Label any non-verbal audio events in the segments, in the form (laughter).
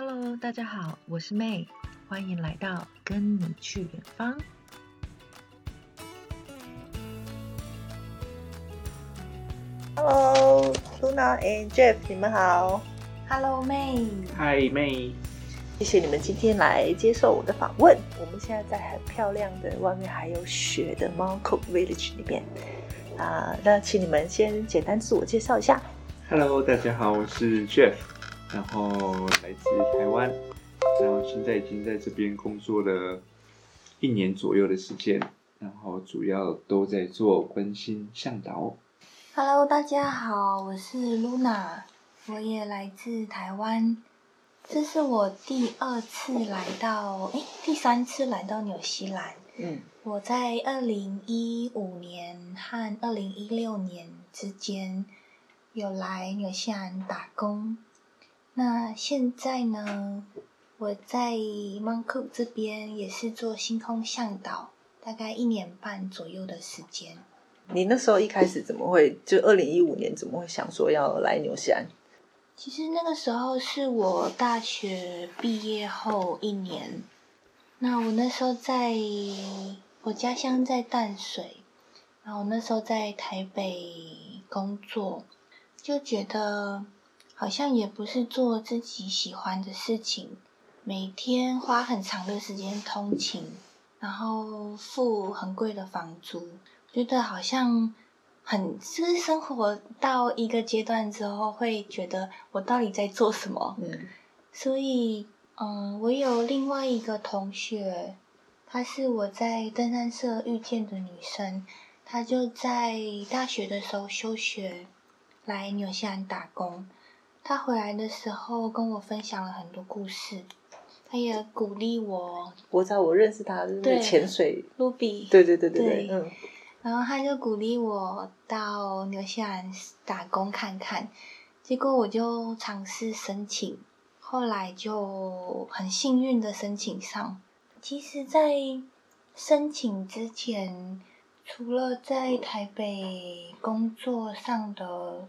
Hello，大家好，我是 May，歡迎來到《跟你去遠方》。Hello，Luna and Jeff，你們好。Hello，May。Hi，May。謝謝你們今天來接受我的訪問。我們現在在很漂亮的外面還有雪的 Mount Cook Village 裡面。啊、呃，那請你們先簡單自我介紹一下。Hello，大家好，我是 Jeff。然後來自台灣，然後現在已經在這邊工作了一年左右的時間，然後主要都在做星空嚮導。Hello，大家好，我是 Luna，我也來自台灣，這是我第二次來到，哎，第三次來到紐西蘭。嗯，我在二零一五年和二零一六年之間有來紐西蘭打工。那現在呢？我在 m o n c o 這邊也是做星空向導，大概一年半左右的時間。你那時候一開始怎麼會？就二零一五年怎麼會想說要來紐西蘭？其實那個時候是我大學畢業後一年。那我那時候在我家鄉在淡水，然後我那時候在台北工作，就覺得。好像也不是做自己喜歡的事情，每天花很長的時間通勤，然後付很貴的房租，覺得好像很，就是生活到一個階段之後，會覺得我到底在做什麼？嗯，所以，嗯，我有另外一個同學，她是我在登山社遇見的女生，她就在大學的時候休學，來紐西蘭打工。他回來的時候跟我分享了很多故事，他也鼓勵我。我在我認識他的那個潛水，對，Ruby，對對對對對，對，然後他就鼓勵我到紐西蘭打工看看，結果我就嘗試申請，後來就很幸運的申請上。其實，在申請之前，除了在台北工作上的。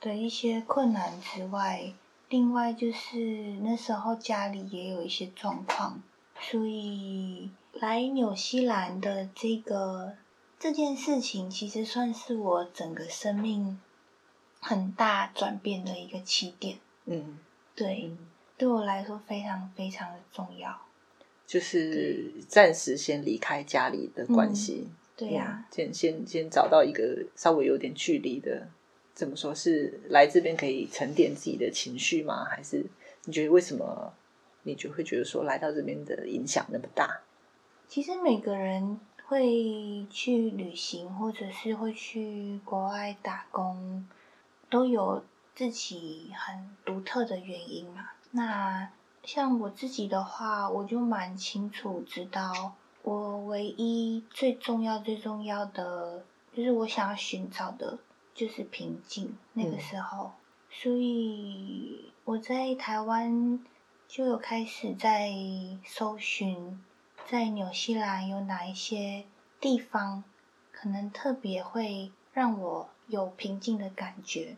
的一些困難之外，另外就是那時候家裡也有一些狀況，所以來紐西蘭的這個這件事情，其實算是我整個生命很大轉變的一個起點。嗯，對，嗯、對我來說非常非常的重要。就是暫時先離開家裡的關係，嗯、對呀、啊嗯，先先先找到一個稍微有點距離的。怎麼說，是來這邊可以沉澱自己的情緒嗎？還是你覺得為什麼你就會覺得說來到這邊的影響那麼大？其實每個人會去旅行，或者是會去國外打工，都有自己很獨特的原因嘛。那像我自己的話，我就蠻清楚知道，我唯一最重要、最重要的就是我想要尋找的。就是平靜那個時候，嗯，所以我在台灣就有開始在搜尋，在紐西蘭有哪一些地方可能特別會讓我有平靜的感覺。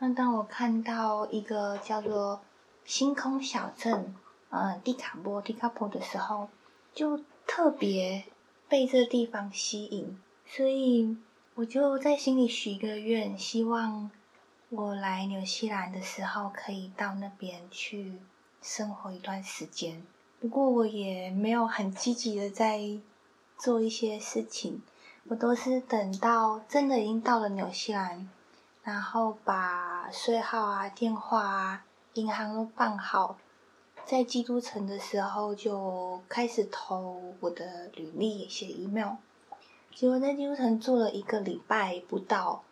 那當我看到一個叫做星空小鎮，嗯，呃，蒂卡波，蒂卡波的時候，就特別被這地方吸引，所以。我就在心裡許個願，希望我來紐西蘭的時候可以到那邊去生活一段時間。不過我也沒有很積極的在做一些事情，我都是等到真的已經到了紐西蘭，然後把稅號啊、電話啊、銀行都辦好，在基督城的時候就開始投我的履歷、寫 email。結果在舊城住了一個禮拜不到，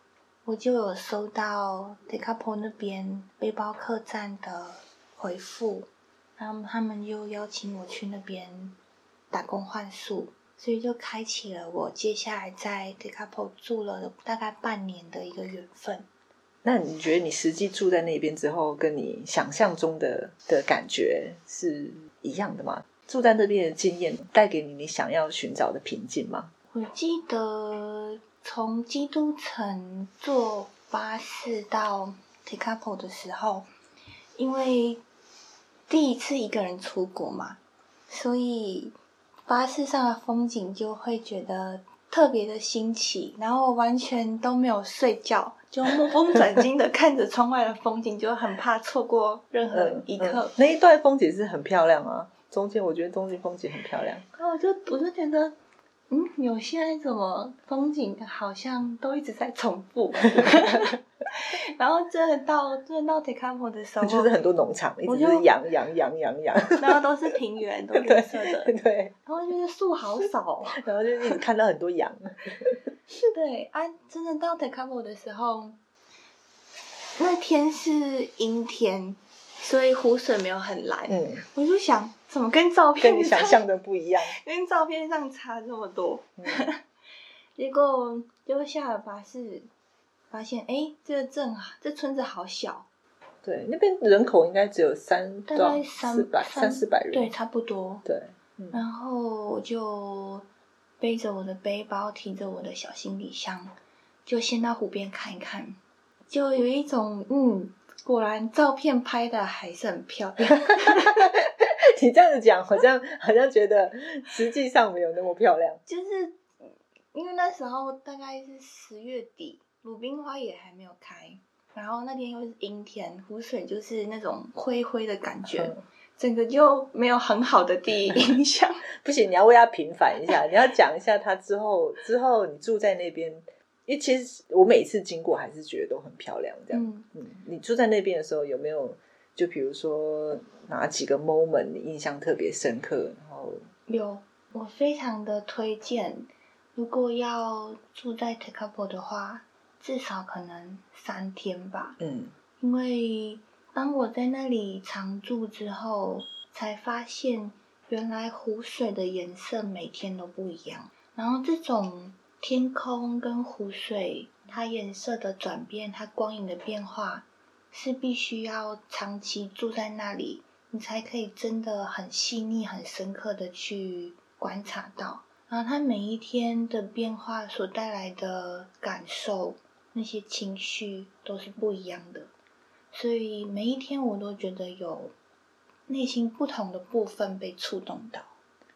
我就有收到 Tekapo 那邊背包客棧的回復，然後他們又邀請我去那邊打工換宿，所以就開啟了我接下來在 Tekapo 住了大概半年的一個緣分。那你覺得你實際住在那邊之後，跟你想象中的的感覺是一樣的嗎？住在那邊的經驗帶給你你想要尋找的平靜嗎？我記得從基督城坐巴士到 Tekapo 的時候，因為第一次一個人出國嘛，所以巴士上的風景就會覺得特別的新奇，然後完全都沒有睡覺，就目不轉睛的看着窗外的風景，就很怕錯過任何一刻、嗯嗯。那一段風景是很漂亮啊，中間我覺得中間風景很漂亮。啊，我就我就覺得。嗯，有現在怎麼風景好像都一直在重複， (laughs) (laughs) 然後真的到真的到 Tekapo 的時候，就是很多農場，一直就是羊羊羊羊羊、羊，然後都是平原， (laughs) 都綠色的，對，對然後就是樹好少 (laughs) 然後就一直看到很多羊， (laughs) 是的啊，真的到 Tekapo 的時候，那天是陰天，所以湖水沒有很藍，嗯，我就想。怎麼跟照片跟你想象的不一樣？跟照片上差這麼多，嗯、 (laughs) 結果就下了巴士，發現哎、欸，這個鎮啊，這村子好小。對，那邊人口應該只有三、大概三四百，三、三四百人，對，差不多。對，嗯、然後我就背着我的背包，提着我的小行李箱，就先到湖邊看一看，就有一種嗯，果然照片拍的還是很漂亮。 (laughs) (laughs) 你這樣子講，好像好像覺得實際上沒有那麼漂亮。 (laughs) 就是因為那時候大概是十月底，魯冰花也還沒有開，然後那天又是陰天，湖水就是那種灰灰的感覺，嗯、整個就沒有很好的第一印象。 (laughs) (laughs) 不行，你要為他平反一下，你要講一下他之後之後你住在那邊，因為其實我每次經過還是覺得都很漂亮。這樣，嗯，嗯，你住在那邊的時候有沒有？就比如說。嗯哪幾個 moment 你印象特別深刻？然後有，我非常的推薦，如果要住在 Tekapo 的話，至少可能三天吧。嗯，因為當我在那裡常住之後，才發現原來湖水的顏色每天都不一樣。然後這種天空跟湖水，它顏色的轉變，它光影的變化，是必須要長期住在那裡。你才可以真的很細膩、很深刻的去觀察到，然後它每一天的變化所帶來的感受，那些情緒都是不一樣的。所以每一天我都覺得有內心不同的部分被觸動到。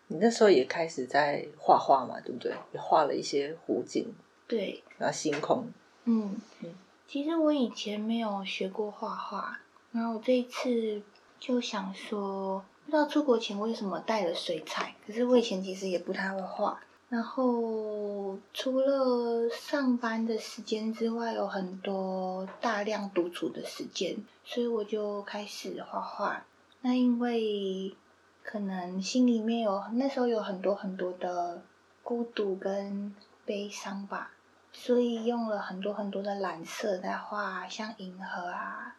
你那時候也開始在畫畫嘛，對不對？也畫了一些湖景，對，然後星空。嗯，嗯，其實我以前沒有學過畫畫，然後我這一次。就想說，不知道出國前為什麼帶了水彩，可是我以前其實也不太會畫。然後除了上班的時間之外，有很多大量獨處的時間，所以我就開始畫畫。那因為可能心裡面有那時候有很多很多的孤獨跟悲傷吧，所以用了很多很多的藍色在畫，像銀河啊。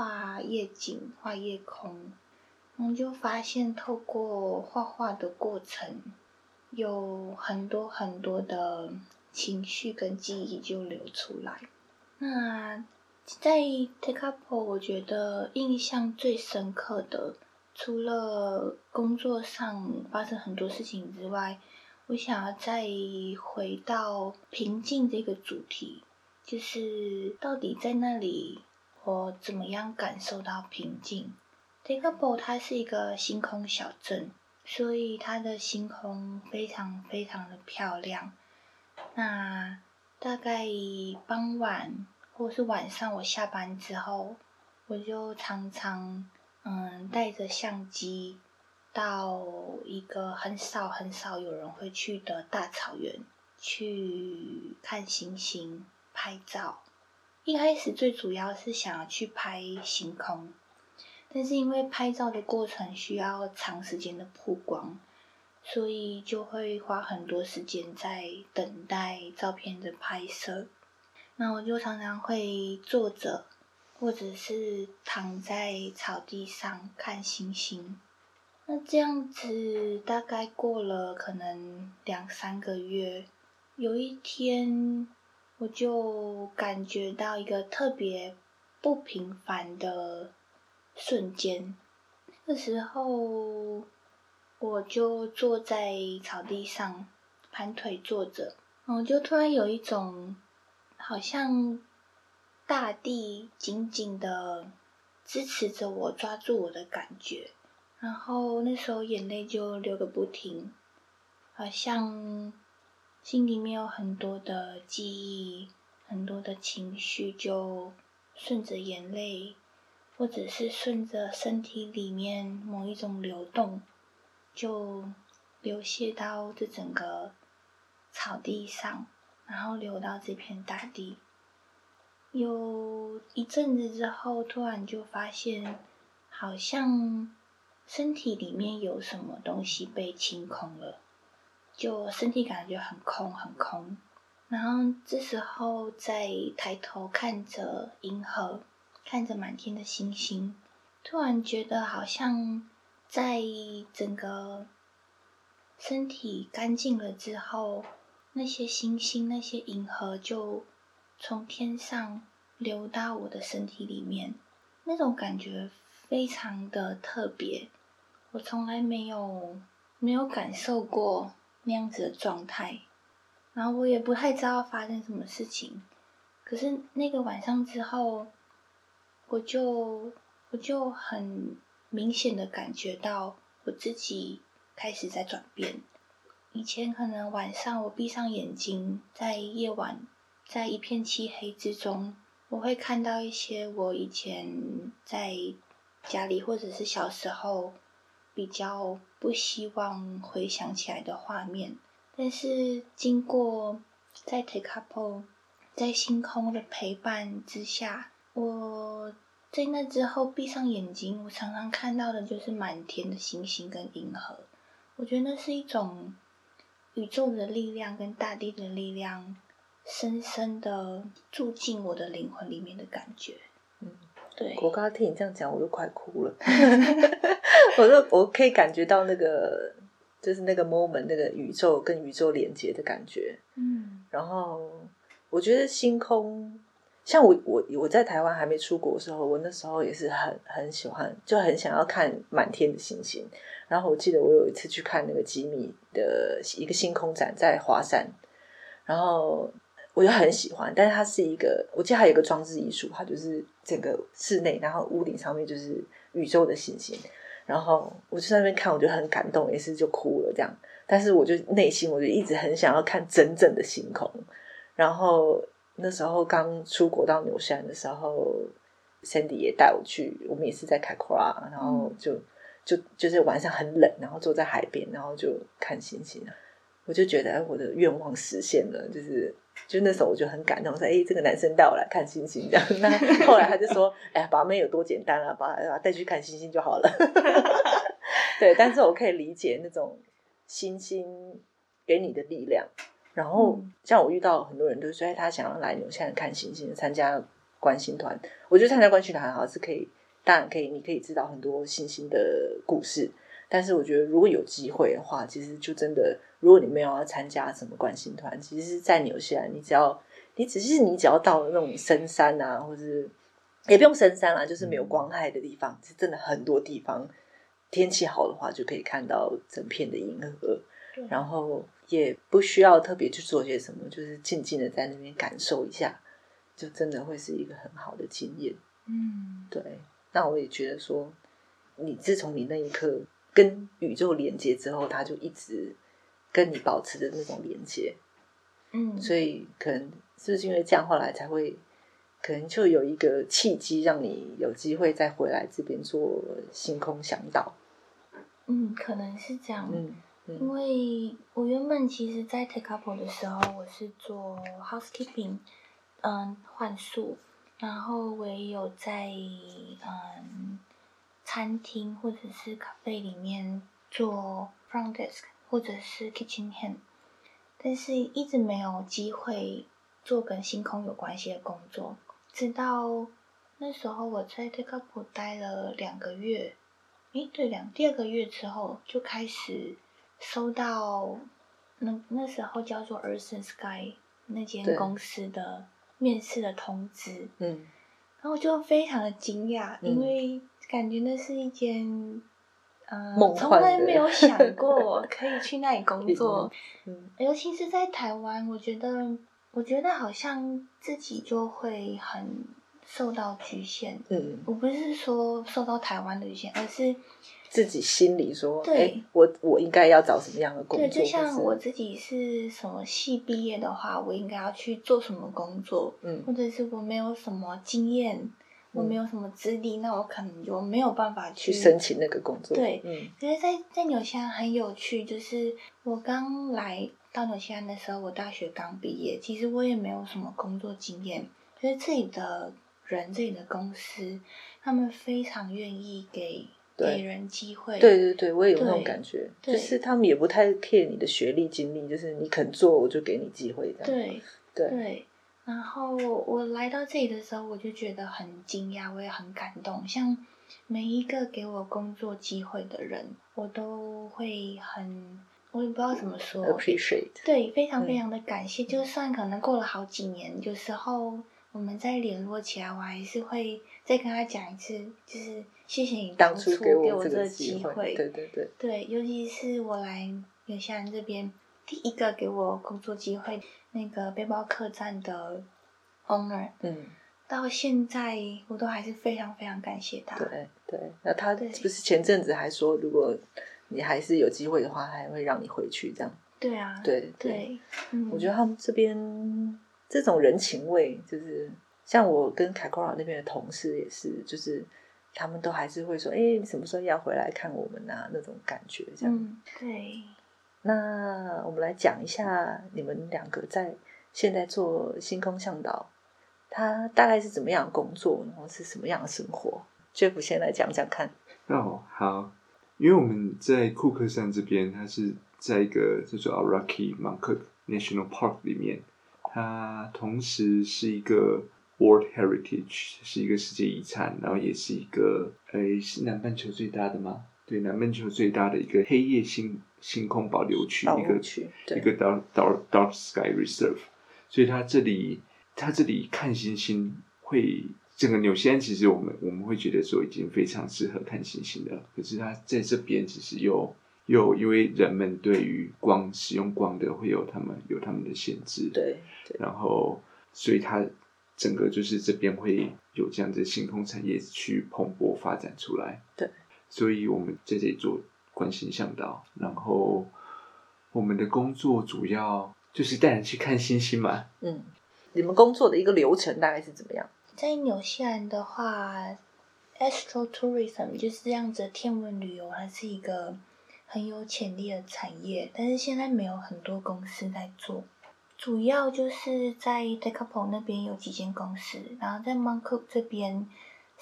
畫夜景，畫夜空，我們就發現透過畫畫的過程，有很多很多的情緒跟記憶就流出來。那在 Tekapo 我覺得印象最深刻的，除了工作上發生很多事情之外，我想要再回到平靜這個主題，就是到底在那裡。我怎麼樣感受到平靜？Tekapo 它是一個星空小鎮，所以它的星空非常非常的漂亮。那大概傍晚或是晚上，我下班之後，我就常常嗯帶着相機，到一個很少很少有人會去的大草原去看星星拍照。一開始最主要是想要去拍星空，但是因為拍照的過程需要長時間的曝光，所以就會花很多時間在等待照片的拍攝。那我就常常會坐着，或者是躺在草地上看星星。那這樣子大概過了可能兩三個月，有一天。我就感覺到一個特別不平凡的瞬間，那時候我就坐在草地上盤腿坐着，我就突然有一種好像大地緊緊的支持着我、抓住我的感覺，然後那時候眼淚就流個不停，好像。心裡面有很多的記憶，很多的情緒，就順着眼淚，或者是順着身體裡面某一種流動，就流瀉到這整個草地上，然後流到這片大地。有一陣子之後，突然就發現，好像身體裡面有什麼東西被清空了。就身體感覺很空，很空。然後這時候再抬頭看着銀河，看着滿天的星星，突然覺得好像在整個身體乾淨了之後，那些星星、那些銀河就從天上流到我的身體裡面，那種感覺非常的特別，我從來沒有沒有感受過。那樣子的狀態，然後我也不太知道發生什麼事情。可是那個晚上之後，我就我就很明顯的感覺到我自己開始在轉變。以前可能晚上我閉上眼睛，在夜晚在一片漆黑之中，我會看到一些我以前在家裡或者是小時候，比較不希望回想起來的畫面，但是經過在 Tekapo 在星空的陪伴之下，我在那之後閉上眼睛，我常常看到的就是滿天的星星跟銀河。我覺得那是一種宇宙的力量跟大地的力量深深的住進我的靈魂裡面的感覺。我剛對聽你這樣講，我都快哭了。 (laughs) 我都我可以感覺到那個，就是那個 moment，那個宇宙跟宇宙連接的感覺。嗯，然後我覺得星空，像我我我在台灣還沒出國的時候，我那時候也是很很喜歡，就很想要看滿天的星星。然後我記得我有一次去看那個幾米的一個星空展在華山，然後。我就很喜歡，但是它是一個，我記得還有一個裝置藝術，它就是整個室內，然後屋頂上面就是宇宙的星星。然後我就在那邊看，我就很感動，也是就哭了這樣。但是我就內心我就一直很想要看真正的星空。然後那時候剛出國到紐西蘭的時候，Sandy 也帶我去，我們也是在凱庫拉，然後就、嗯、就就是晚上很冷，然後坐在海邊，然後就看星星。我就覺得，哎，我的願望實現了，就是。就那時候我就很感動，我說：“哎、欸，這個男生帶我來看星星，這樣。”那後來他就說：“哎、欸，把妹有多簡單啊，把帶去看星星就好了。 (laughs) ”對，但是我可以理解那種星星給你的力量。然後，像我遇到很多人，都說他想要來我們現在看星星，參加觀星團。我覺得參加觀星團還好像是可以，當然可以，你可以知道很多星星的故事。但是我覺得，如果有機會的話，其實就真的。如果你沒有要參加什麼觀星團，其實，在紐西蘭，你只要你只是你只要到那種深山啊，或者是也不用深山啊，就是沒有光害的地方，嗯、是真的很多地方天氣好的話，就可以看到整片的銀河。對然後也不需要特別去做些什麼，就是靜靜的在那邊感受一下，就真的會是一個很好的經驗。嗯，對。那我也覺得說，你自從你那一刻跟宇宙連接之後，他就一直。跟你保持着那種連接，嗯，所以可能就是，是因為這樣，後來才會可能就有一個契機，讓你有機會再回來這邊做星空嚮導。嗯，可能是這樣。嗯，嗯，因為我原本其實，在 Tekapo 的時候，我是做 Housekeeping，嗯，換宿，然後我也有在嗯，餐廳或者是咖啡裡面做 Front Desk。或者是 Kitchen Hand，但是一直沒有機會做跟星空有關係的工作。直到那時候，我在 Tekapo 待了兩個月，誒，對，兩第二個月之後就開始收到那，那時候叫做 Earth and Sky 那間公司的面試的通知，嗯、然後就非常的驚訝，因為感覺那是一間。嗯，呃、從來沒有想過可以去那裡工作， (laughs) 嗯嗯、尤其是在台灣，我覺得，我覺得好像自己就會很受到局限。嗯，我不是說受到台灣的局限，而是自己心裡說，對、欸、我，我應該要找什麼樣的工作？對，就像我自己是什麼系畢業的話，我應該要去做什麼工作？嗯，或者是我沒有什麼經驗。我沒有什麼資歷，嗯，那我可能我沒有辦法去，去申請那個工作。對，嗯。因為在在紐西蘭很有趣，就是我剛來到紐西蘭的時候，我大學剛畢業，其實我也沒有什麼工作經驗。就是自己的人，自己的公司，他們非常願意給對給人機會。對對對，我也有那種感覺，對就是他們也不太 care 你的學歷經歷，就是你肯做，我就給你機會。這樣對對。對然後我來到這裡的時候，我就覺得很驚訝，我也很感動。像每一個給我工作機會的人，我都會很，我也不知道怎麼說。對，非常非常的感謝。就算可能過了好幾年，有時候我們再聯絡起來，我還是會再跟他講一次，就是謝謝你當初給我,當初給我這個機會。對對對,對，對，尤其是我來紐西蘭這邊。第一個給我工作機會那個背包客棧的 owner，嗯，到現在我都還是非常非常感謝他。對對，那他是不是前陣子還說，如果你還是有機會的話，他還會讓你回去這樣。對啊，對對，我覺得他們這邊這種人情味，就是像我跟凱庫拉那邊的同事也是，就是他們都還是會說，哎、欸，你什麼時候要回來看我們啊？那種感覺，這樣。嗯、對。那我們來講一下你們兩個在現在做星空嚮導，他大概是怎麼樣的工作，然後是什麼樣的生活，Jeff 先來講講看。哦，oh, 好，因為我們在庫克山這邊，它是在一個叫做 Aoraki Mount Cook National Park 裡面，它同時是一個 World Heritage，是一個世界遺產，然後也是一個，誒，是南半球最大的嗎？對南半球最大的一個黑夜星星空保留區，留區一個對一個 Dark Dark Dark Sky Reserve，所以它這裡它這裡看星星會整個紐西蘭其實我們我們會覺得說已經非常適合看星星的，可是它在這邊其實又又因為人們對於光使用光的會有他們有他們的限制，對，對然後所以它整個就是這邊會有這樣的星空產業去蓬勃發展出來，對。所以我們在這裡做觀星嚮導，然後我們的工作主要就是帶人去看星星嘛。嗯，你們工作的一個流程大概是怎麼樣？在紐西蘭的話，astro tourism 就是這樣子的天文旅遊，它是一個很有潛力的產業，但是現在沒有很多公司在做。主要就是在 Tekapo 那邊有幾間公司，然後在 Mt Cook 這邊。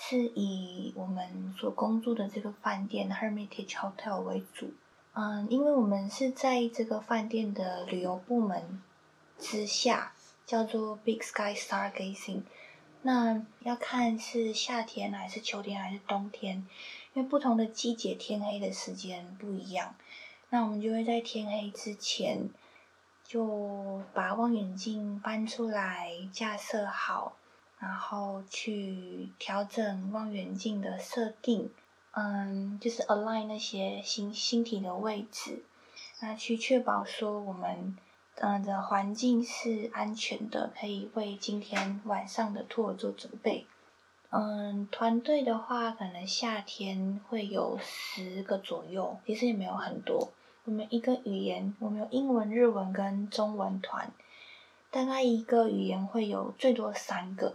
是以我們所工作的這個飯店 Hermitage Hotel 為主，嗯，因為我們是在這個飯店的旅遊部門之下，叫做 Big Sky Stargazing。那要看是夏天還是秋天還是冬天，因為不同的季節天黑的時間不一樣。那我們就會在天黑之前就把望遠鏡搬出來架設好。然後去調整望遠鏡的設定，嗯，就是 align 那些星星體的位置，那去確保說我們嗯的環境是安全的，可以為今天晚上的 tour 做準備。嗯，團隊的話，可能夏天會有十個左右，其實也沒有很多。我們一個語言，我們有英文、日文跟中文團，大概一個語言會有最多三個。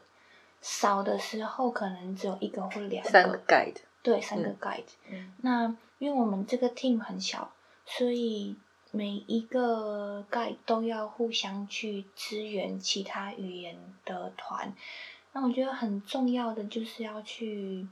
少的時候可能只有一個或兩個，三個 Guide，對，三個 Guide。嗯、那因為我們這個 Team 很小，所以每一個 Guide 都要互相去支援其他語言的團。那我覺得很重要的就是要去，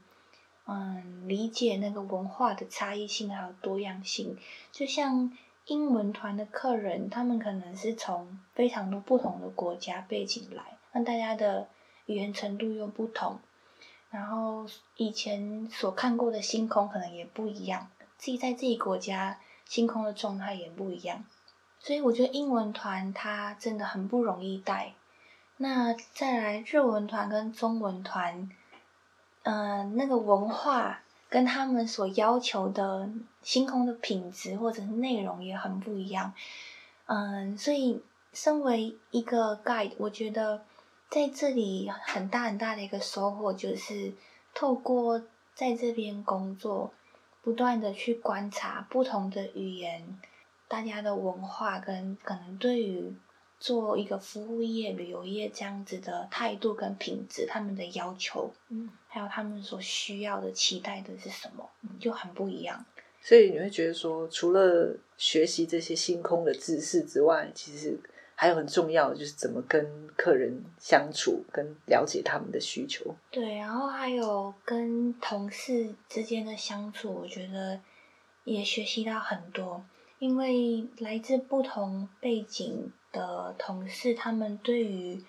嗯，理解那個文化的差異性還有多樣性。就像英文團的客人，他們可能是從非常多不同的國家背景來，那大家的。語言程度又不同，然後以前所看過的星空可能也不一樣，自己在自己國家星空的狀態也不一樣，所以我覺得英文團它真的很不容易帶。那再來日文團跟中文團，嗯、呃，那個文化跟他們所要求的星空的品質或者是內容也很不一樣。嗯、呃，所以身為一個 guide，我覺得。在這裡，很大很大的一個收穫就是透過在這邊工作，不斷的去觀察不同的語言，大家的文化跟可能對於做一個服務業、旅遊業這樣子的態度跟品質，他們的要求，嗯，還有他們所需要的、期待的是什麼，嗯，就很不一樣。所以你會覺得說，除了學習這些星空的知識之外，其實。還有很重要的就是怎麼跟客人相處，跟了解他們的需求。對，然後還有跟同事之間的相處，我覺得也學習到很多。因為來自不同背景的同事，他們對於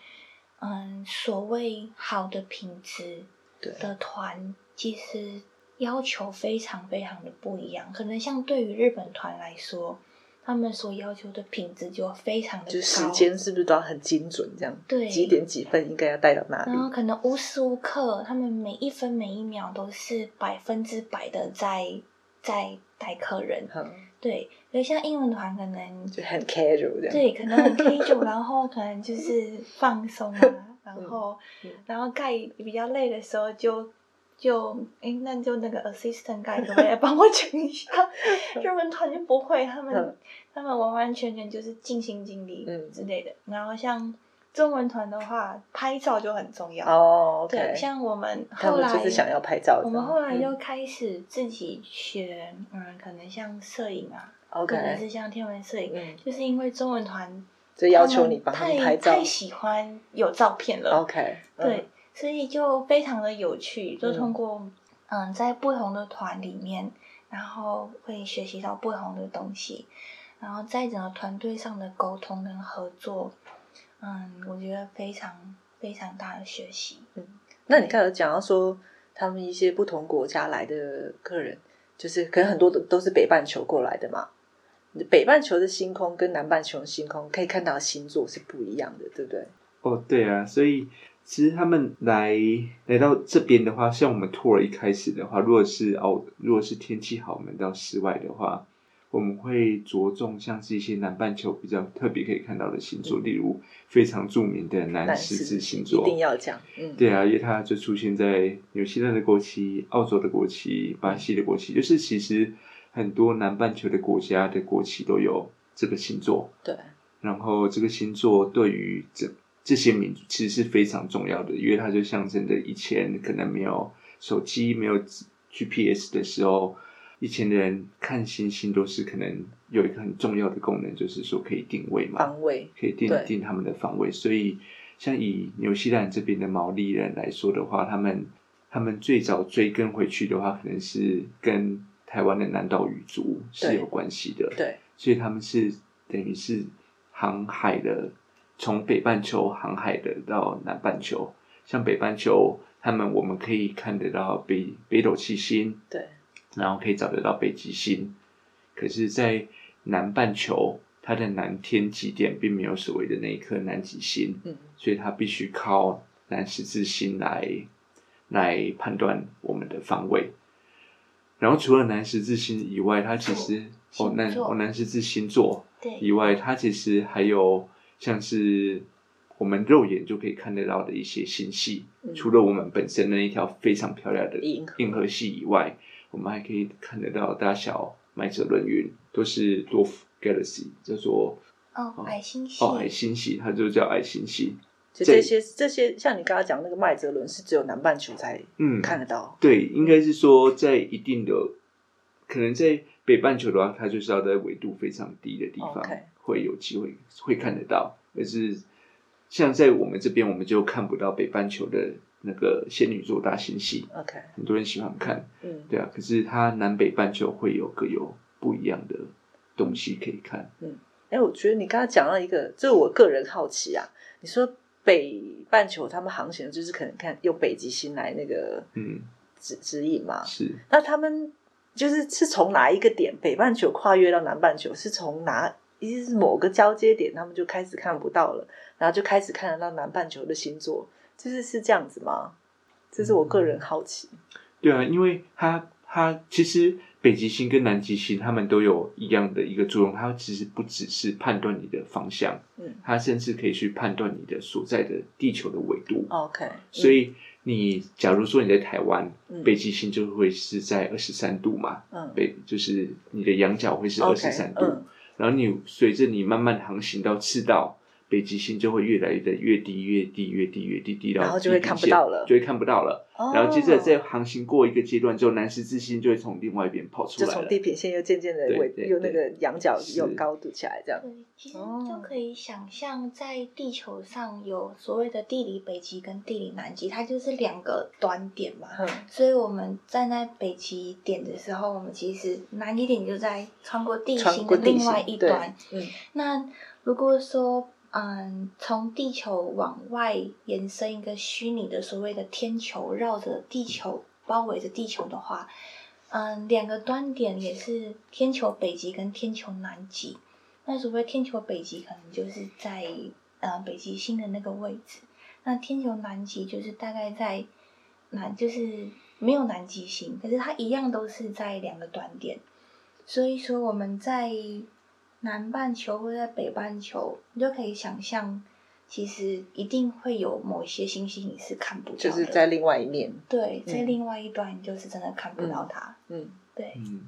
嗯所謂好的品質的團，對其實要求非常非常的不一樣。可能像對於日本團來說。他們所要求的品質就非常的高，就時間是不是都要很精準這樣？對，幾點幾分應該要帶到哪裡？然後可能無時無刻，他們每一分每一秒都是百分之百的在在，在帶客人。嗯、對，而像英文團可能就很 casual 這樣，對，可能很 casual， (laughs) 然後可能就是放鬆啊，然後、嗯嗯、然後蓋比較累的時候就。就哎，那就那個 assistant guy 來幫我請一下？日文團就不會，他們他們完完全全就是盡心盡力之類的。然後像中文團的話，拍照就很重要哦。對，像我們後來，我們後來就開始自己學，嗯，可能像攝影啊，可能是像天文攝影，就是因為中文團，要求你幫他拍照，太喜歡有照片了。OK，對。所以就非常的有趣，就通過嗯，在不同的團裡面，然後會學習到不同的東西，然後在整個團隊上的溝通跟合作，嗯，我覺得非常非常大的學習。嗯，對那你剛才講到說，他們一些不同國家來的客人，就是可能很多都都是北半球過來的嘛，北半球的星空跟南半球的星空可以看到星座是不一樣的，對不對？哦，oh, 對啊，所以，其實他們來來到這邊的話，像我們 tour 一開始的話，如果是澳，如果是天氣好，我們到室外的話，我們會着重像是一些南半球比較特別可以看到的星座，嗯、例如非常著名的南十字星座，一定要講。嗯，對啊，因為它就出現在紐西蘭的國旗、澳洲的國旗、巴西的國旗，就是其實很多南半球的國家的國旗都有這個星座。對，然後這個星座對於整這些民族其實是非常重要的，因為它就象徵着以前可能沒有手機、沒有 GPS 的時候，以前的人看星星都是可能有一個很重要的功能，就是說可以定位嘛，方位衛可以定對定他們的方位。所以，像以紐西蘭這邊的毛利人來說的話，他們他們最早追根回去的話，可能是跟台灣的南島語族是有關係的。對，對，所以他們是等於是航海的。從北半球航海的到南半球，像北半球，他們我們可以看得到北北斗七星，對，然後可以找得到北極星。可是，在南半球，它的南天極點並沒有所謂的那一顆南極星，嗯，所以它必須靠南十字星來來判斷我們的方位。然後，除了南十字星以外，它其實哦，哦南哦南十字星座對以外，對它其實還有。像是我們肉眼就可以看得到的一些星系，嗯、除了我們本身那一條非常漂亮的銀河系以外，嗯、我們還可以看得到大小麥哲倫雲，都是 Dwarf Galaxy，叫做哦矮星系哦矮星系，它就叫矮星系。就這些在這些，像你剛剛講那個麥哲倫，是只有南半球才嗯看得到。嗯。對，應該是說在一定的，可能在北半球的話，它就是要在緯度非常低的地方。Okay. 會有機會會看得到，可是像在我們這邊，我們就看不到北半球的那個仙女座大星系。OK，很多人喜歡看，嗯，對啊。可是它南北半球會有各有不一樣的東西可以看。嗯，哎，我覺得你剛才講到一個，這我個人好奇啊。你說北半球他們航行就是可能看用北極星來那個指指引嘛？嗯、是。那他們就是是從哪一個點北半球跨越到南半球是從哪？其實是某個交接點，他們就開始看不到了，然後就開始看得到南半球的星座，就是是這樣子嗎？這是我個人好奇。嗯，對啊，因為它它其實北極星跟南極星，它們都有一樣的一個作用，它其實不只是判斷你的方向，嗯，它甚至可以去判斷你的所在的地球的緯度。OK，嗯，所以你假如說你在台灣，嗯，北極星就會是在二十三度嘛，嗯，北就是你的仰角會是二十三度。Okay, 嗯而你隨着你慢慢航行行到赤道。北極星就會越來越的越低越低越低越低，低，然後就會看不到了，就會看不到了。然後接着在航行過一個階段之後，南十字星就會從另外一邊跑出來，就從地平線又漸漸的有那個仰角有高度起來這樣。對，對，其實就可以想象在地球上有所謂的地理北極跟地理南極，它就是兩個端點嘛。嗯，所以我們站在北極點的時候，我們其實南極點就在穿過地心的另外一端。那如果說嗯，從地球往外延伸一個虛擬的所謂的天球，繞着地球包圍着地球的話，嗯，兩個端點也是天球北極跟天球南極。那所謂天球北極，可能就是在呃北極星的那個位置；那天球南極，就是大概在南，就是沒有南極星，可是它一樣都是在兩個端點。所以說，我們在南半球或者北半球，你就可以想象，其實一定會有某些星星你是看不到的，就是在另外一面。對，在另外一端，你就是真的看不到它。嗯，嗯對。嗯，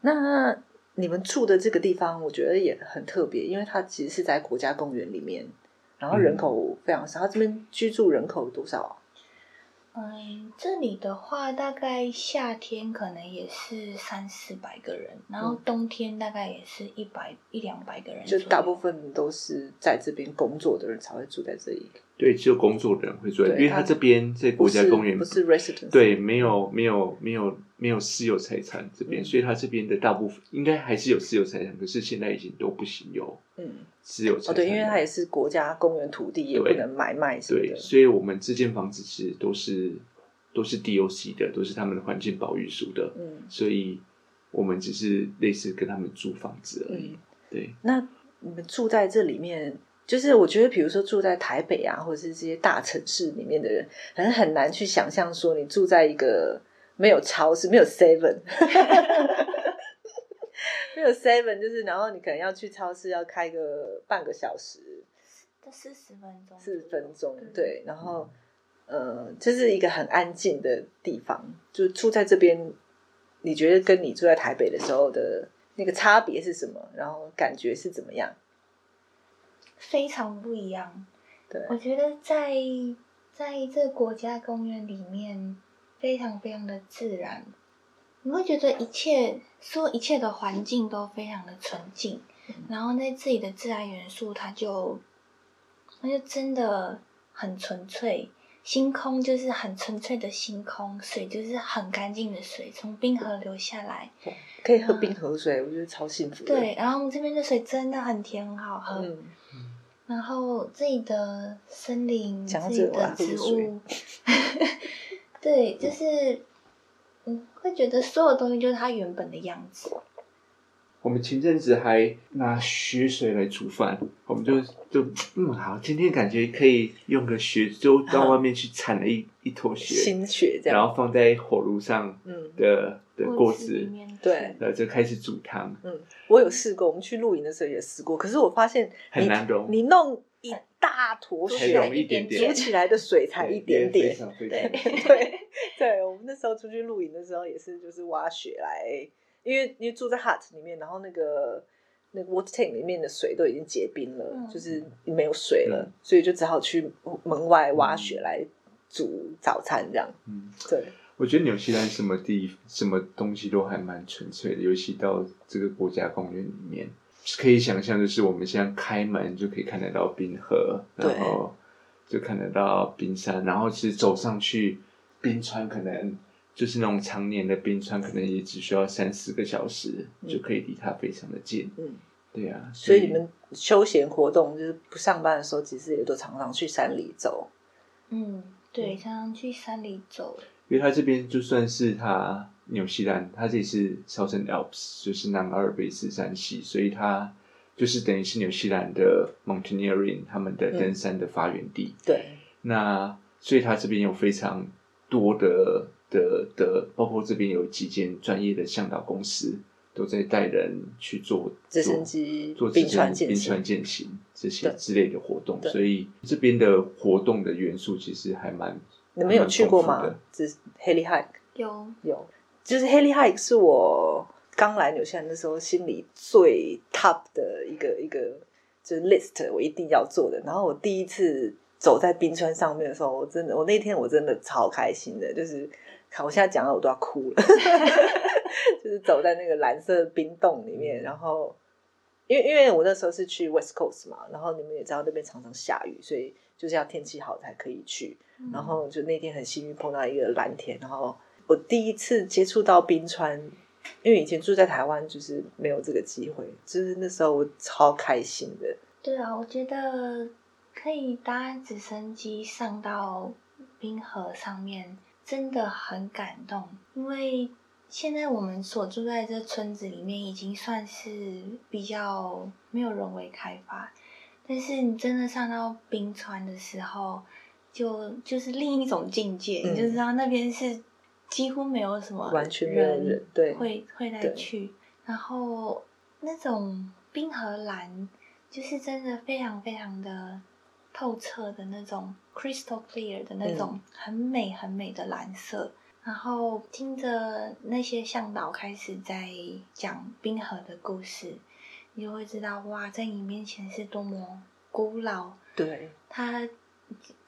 那你們住的這個地方，我覺得也很特別，因為它其實是在國家公園裡面，然後人口非常少。他，嗯，這邊居住人口多少啊？嗯，這裡的話，大概夏天可能也是三四百個人，然後冬天大概也是一百一兩百個人。就大部分都是在這邊工作的人才會住在這裡。對，只有工作的人會住，對因為他這邊在國家公園，不是，是 resident，對，沒有沒有沒有沒有私有財產這邊，嗯、所以他這邊的大部分應該還是有私有財產，可是現在已經都不行有，有嗯，私有哦，對，因為他也是國家公園土地，對也不能買賣什麼。對，所以我們這間房子其實都是都是 DOC 的，都是他們的環境保育署的。嗯，所以我們只是類似跟他們租房子而已。嗯、對，那你們住在這裡面。就是我覺得，比如說住在台北啊，或者是這些大城市裡面的人，很很難去想象說你住在一個沒有超市、沒有 Seven， (laughs) (laughs) 沒有 Seven，就是然後你可能要去超市要開個半個小時，四十分鐘，四十分鐘，對，然後、嗯、呃，這、就是一個很安靜的地方，就是住在這邊，你覺得跟你住在台北的時候的那個差別是什麼？然後感覺是怎麼樣？非常不一樣，對我覺得在在這個國家公園裡面，非常非常的自然，你會覺得一切，說一切的環境都非常的純淨，嗯、然後那自己的自然元素，它就，它就真的很純粹，星空就是很純粹的星空，水就是很乾淨的水，從冰河流下來，哦、可以喝冰河水，嗯、我覺得超幸福。對，然後我們這邊的水真的很甜，很好喝。嗯然後，自己的森林，啊、自己的植物，水 (laughs) 對，就是，嗯，我會覺得所有東西就是它原本的樣子。我們前陣子還拿雪水來煮飯，我們就就嗯，好，今天感覺可以用個雪，就到外面去鏟了一一坨雪，新雪這樣，然後放在火爐上的、嗯、的鍋子，鍋子裡面，對，然後就開始煮湯。嗯，我有試過，我們去露營的時候也試過，可是我發現很難融，你弄一大坨雪，一點點煮起來的水才一點點，對，非常非常對對, (laughs) 對，對，我們那時候出去露營的時候也是，就是挖雪來。因為因為住在 hut 裡面，然後那個那個 water tank 裡面的水都已經結冰了，嗯、就是沒有水了，嗯、所以就只好去門外挖雪來煮早餐這樣。嗯，對。我覺得紐西蘭什麼地什麼東西都還蠻純粹的，尤其到這個國家公園裡面，可以想象就是我們現在開門就可以看得到冰河，對然後就看得到冰山，然後是走上去冰川可能。就是那種常年的冰川，可能也只需要三四個小時就可以離它非常的近。嗯，對啊，所以，所以你們休閒活動就是不上班的時候，其實也都常常去山裡走。嗯，對，常常去山裡走，嗯。因為他這邊就算是他紐西蘭，他這裡是 Southern Alps，就是南阿爾卑斯山系，所以他就是等於是紐西蘭的 mountaineering，他們的登山的發源地。嗯、對，那所以他這邊有非常多的。的的，包括這邊有幾間專業的向導公司都在帶人去做直升機、做冰川、冰川健行這些之類的活動，對所以對這邊的活動的元素其實還蠻。你們有去過嗎？這 Heli Hike 有有，就是 Heli Hike 是我剛來紐西蘭的時候心裡最 top 的一個一個就是 list，我一定要做的。然後我第一次走在冰川上面的時候，我真的，我那天我真的超開心的，就是。好，我現在講到我都要哭了， (laughs) 就是走在那個藍色冰洞裡面，嗯、然後，因為因為我那時候是去 West Coast 嘛，然後你們也知道那邊常常下雨，所以就是要天氣好才可以去，嗯、然後就那天很幸運碰到一個藍天，然後我第一次接觸到冰川，因為以前住在台灣就是沒有這個機會，就是那時候我超開心的。對啊，我覺得可以搭直升機上到冰河上面。真的很感動，因為現在我們所住在這村子裡面，已經算是比較沒有人為開發。但是你真的上到冰川的時候，就就是另一種境界，嗯、你就知道那邊是幾乎沒有什麼完全沒有人，對，會會再去。對然後那種冰河藍，就是真的非常非常的透徹的那種。Crystal Clear 的那種很美很美的藍色，嗯，然後聽着那些向導開始在講冰河的故事，你就會知道哇，在你面前是多麼古老。對，它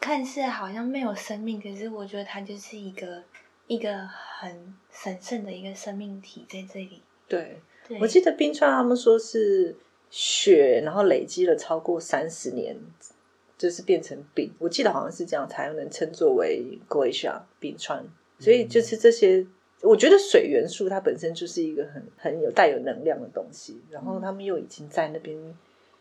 看似好像沒有生命，可是我覺得它就是一個一個很神聖的一個生命體在這裡。對，對，我記得冰川他們說是雪，然後累積了超過三十年，就是變成冰，我記得好像是這樣，才能稱作為 glacier 冰川。所以就是這些，嗯嗯、我覺得水元素它本身就是一個很很有帶有能量的東西。然後他們又已經在那邊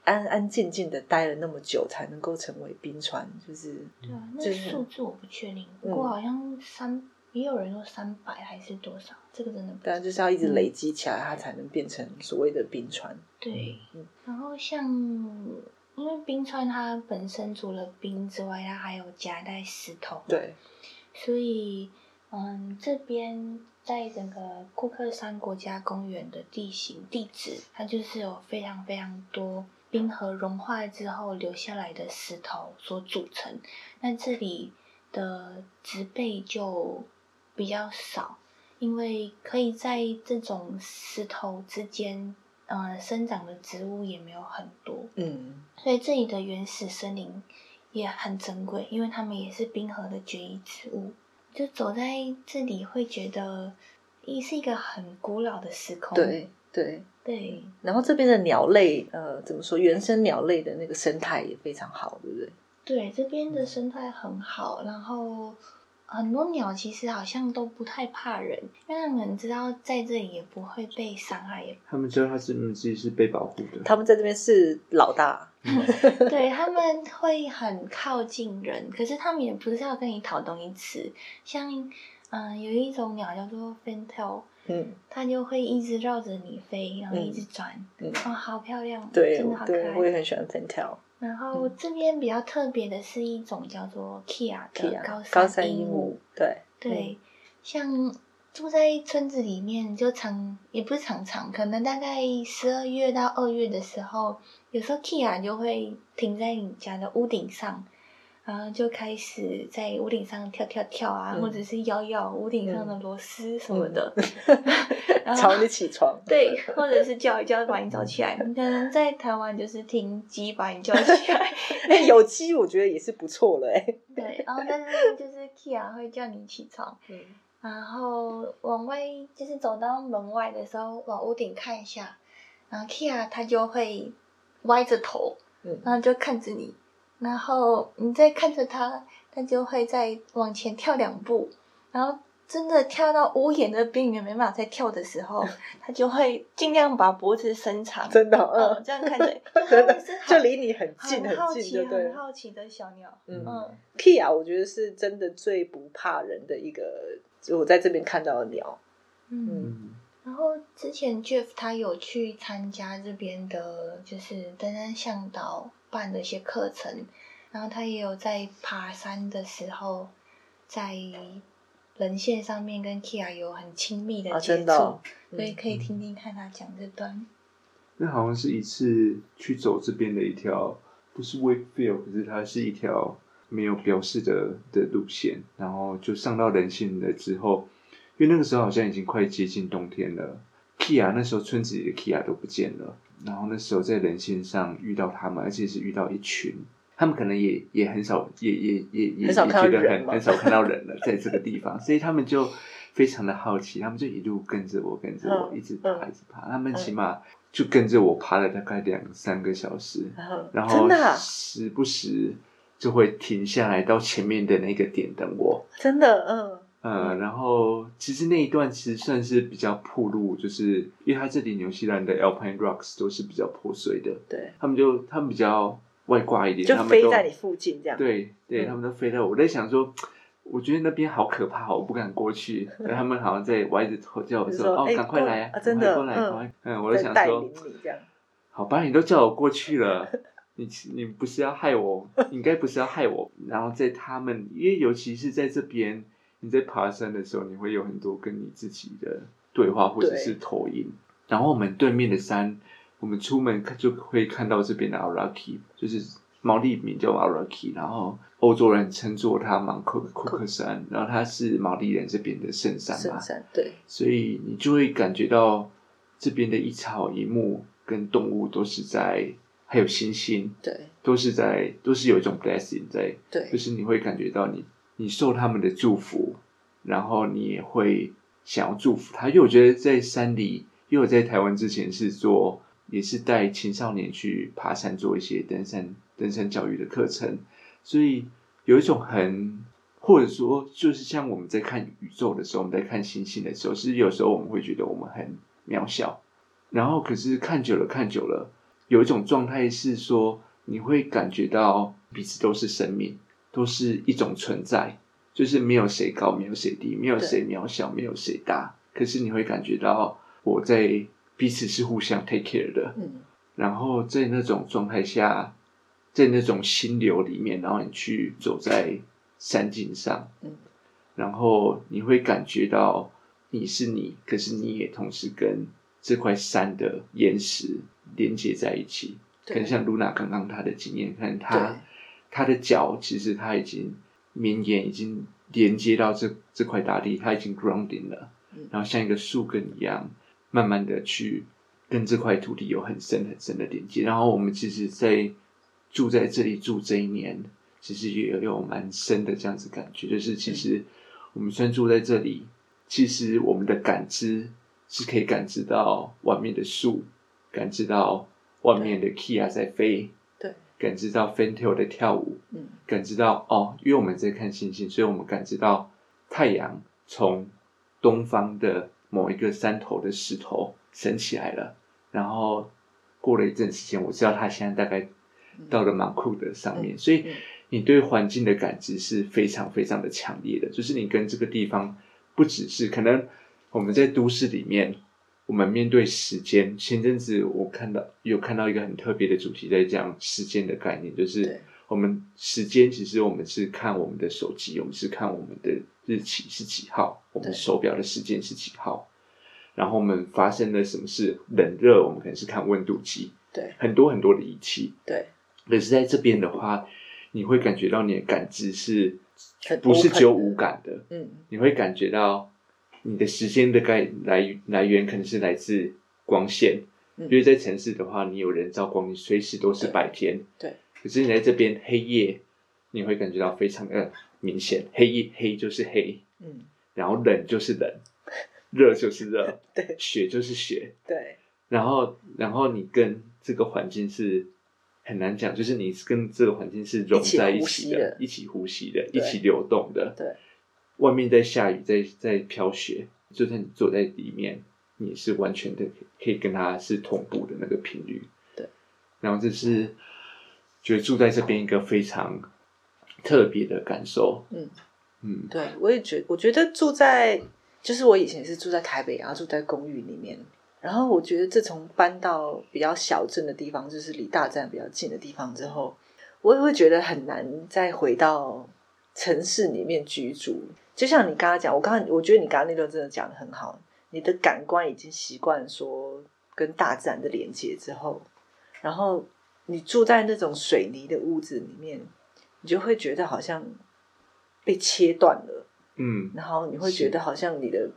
安安靜靜的待了那麼久，才能夠成為冰川。就是對啊，嗯就是、那數字我不確定，不過好像三，嗯、也有人說三百還是多少，這個真的。當然就是要一直累積起來，嗯、它才能變成所謂的冰川。對，欸嗯、然後像。因為冰川它本身除了冰之外，它還有夾帶石頭，對所以嗯，這邊在整個庫克山國家公園的地形地質，它就是有非常非常多冰河融化之後留下來的石頭所組成。那這裡的植被就比較少，因為可以在這種石頭之間。嗯、呃，生長的植物也沒有很多，嗯，所以這裡的原始森林也很珍貴，因為它們也是冰河的孑遺植物。就走在這裡會覺得，一是一個很古老的時空，對對對。對對然後這邊的鳥類，呃，怎麼說，原生鳥類的那個生態也非常好，對不對？對，這邊的生態很好，嗯、然後。很多鳥其實好像都不太怕人，因為他們知道在這裡也不會被傷害，他們知道他們是自己是被保護的。他們在這邊是老大， (laughs) (laughs) 對，他們會很靠近人，可是他們也不是要跟你討東西吃。像嗯、呃，有一種鳥叫做 fantail 嗯，它就會一直繞着你飛，然後一直轉，哇、嗯嗯哦，好漂亮。對真的好可愛，我也很喜歡 fantail 然後這邊比較特別的是一種叫做 Kea 的高山鸚鵡，對、嗯、對，像住在村子裡面就常，也不是常常，可能大概十二月到二月的時候，有時候 Kea 就會停在你家的屋頂上。然後就開始在屋頂上跳跳跳啊，嗯、或者是搖搖屋頂上的螺絲什麼的。吵你起床？對，或者是叫一叫把你叫起來。你可能在台灣就是聽雞把你叫起來， (laughs) 欸、有雞我覺得也是不錯了哎、欸。對，然後但是就是 Kea 會叫你起床，嗯、然後往外就是走到門外的時候往屋頂看一下，然後 Kea 她就會歪着頭，然後就看着你。然後你再看着它，它就會再往前跳兩步。然後真的跳到屋檐的邊緣，沒辦法再跳的時候，它就會盡量把脖子伸長，真的、哦，嗯，這樣看着， (laughs) 真的是就離你很近很、很近對，對，好奇的很好奇的小鳥，嗯，Kea 啊，我覺得是真的最不怕人的一個，我在這邊看到的鳥，嗯，嗯，然後之前 Jeff 他有去參加這邊的，就是登山嚮導。辦的一些課程，然後他也有在爬山的時候，在人線上面跟 Kea 有很親密的接觸，啊哦嗯、所以可以聽聽看他講這段，嗯。那好像是一次去走這邊的一條，不是 Wakefield，可是它是一條沒有標示的的路線，然後就上到人線了之後，因為那個時候好像已經快接近冬天了。Kea 那時候村子裡的 Kea 都不見了，然後那時候在人線上遇到他們，而且是遇到一群，他們可能也也很少，也也也也也覺得很很少看到人了，在這個地方，所以他們就非常的好奇，他們就一路跟着我，跟着我、嗯、一直爬，一直爬，嗯、他們起碼就跟着我爬了大概兩三個小時，嗯啊、然後時不時就會停下來到前面的那個點等我，真的嗯。呃，然後其實那一段其實算是比較破路，就是因為它，這裡紐西蘭的 Alpine Rocks 都是比較破碎的，對，他們就他們比較外掛一點，就飛在你附近這樣。對對，他們都飛到我，我在想說，我覺得那邊好可怕，我不敢過去。然後他們好像在歪着頭叫我說：“哦，趕快來啊！”真的，來。嗯，我在想說，好吧，你都叫我過去了，你你不是要害我，應該不是要害我。然後在他們，因為尤其是在這邊。你在爬山的時候，你會有很多跟你自己的對話，或者是投影。對然後我們對面的山，嗯、我們出門看就會看到這邊的 Aoraki 就是毛利名叫 Aoraki 然後歐洲人稱作它 Mount Cook 山，然後它是毛利人這邊的聖山嘛。聖山，對。所以你就會感覺到這邊的一草一木跟動物都是在，還有星星，對，都是在，都是有一種 blessing 在，對，就是你會感覺到你。你受他們的祝福，然後你也會想要祝福他，因為我覺得在山裡，因為我在台灣之前是做也是帶青少年去爬山，做一些登山登山教育的課程，所以有一種很或者說就是像我們在看宇宙的時候，我們在看星星的時候，其實有時候我們會覺得我們很渺小，然後可是看久了看久了，有一種狀態是說你會感覺到彼此都是生命。都是一種存在，就是沒有誰高，沒有誰低，沒有誰渺小，對沒有誰大。可是你會感覺到我在彼此是互相 take care 的。嗯。然後在那種狀態下，在那種心流裡面，然後你去走在山徑上，嗯。然後你會感覺到你是你，可是你也同時跟這塊山的岩石連接在一起。很對跟像 Luna 剛剛她的經驗，看她。他的腳其實，他已經綿延，已經連接到這這塊大地，他已經 grounding 了，然後像一個樹根一樣，慢慢的去跟這塊土地有很深很深的連接。然後我們其實，在住在這裡住這一年，其實也有有蠻深的這樣子感覺，就是其實我們雖然住在這裡，嗯、其實我們的感知是可以感知到外面的樹，感知到外面的 Kea 啊在飛。嗯感知到 f e n t o 的跳舞，嗯，感知到哦，因為我們在看星星，所以我們感知到太陽從東方的某一個山頭的石頭升起來了。然後過了一陣時間，我知道它現在大概到了 Mount Cook 的上面。所以你對環境的感知是非常非常的強烈的，就是你跟這個地方不只是可能我們在都市裡面。我們面對時間，前陣子我看到有看到一個很特別的主題在講時間的概念，就是我們時間其實我們是看我們的手機，我們是看我們的日期是幾號，我們手錶的時間是幾號，然後我們發生了什麼事冷熱，我們可能是看溫度計，對，很多很多的儀器，對。可是在這邊的話，你會感覺到你的感知是，不是只有五感的，嗯，你會感覺到。你的時間的概來來源可能是來自光線，嗯，因為在城市的話，你有人造光，你隨時都是白天對。對。可是你在這邊黑夜，嗯，你會感覺到非常的明顯，黑夜黑就是黑，嗯，然後冷就是冷，熱就是熱， (laughs) 對，雪就是雪，對。然後，然後你跟這個環境是很難講，就是你跟這個環境是融在一起的，一起，一起呼吸的，對一起流動的，對。外面在下雨在，在在飄雪，就算你坐在裡面，你也是完全的可以跟它是同步的那個頻率。對，然後這是覺得住在這邊一個非常特別的感受。嗯嗯，嗯對我也覺，我覺得住在就是我以前是住在台北，然後住在公寓裡面，然後我覺得自從搬到比較小鎮的地方，就是離大站比較近的地方之後，我也會覺得很難再回到城市裡面居住。就像你剛剛講，我剛剛我覺得你剛剛那段真的講得很好。你的感官已經習慣說跟大自然的連接之後，然後你住在那種水泥的屋子裡面，你就會覺得好像被切斷了，嗯，然後你會覺得好像你的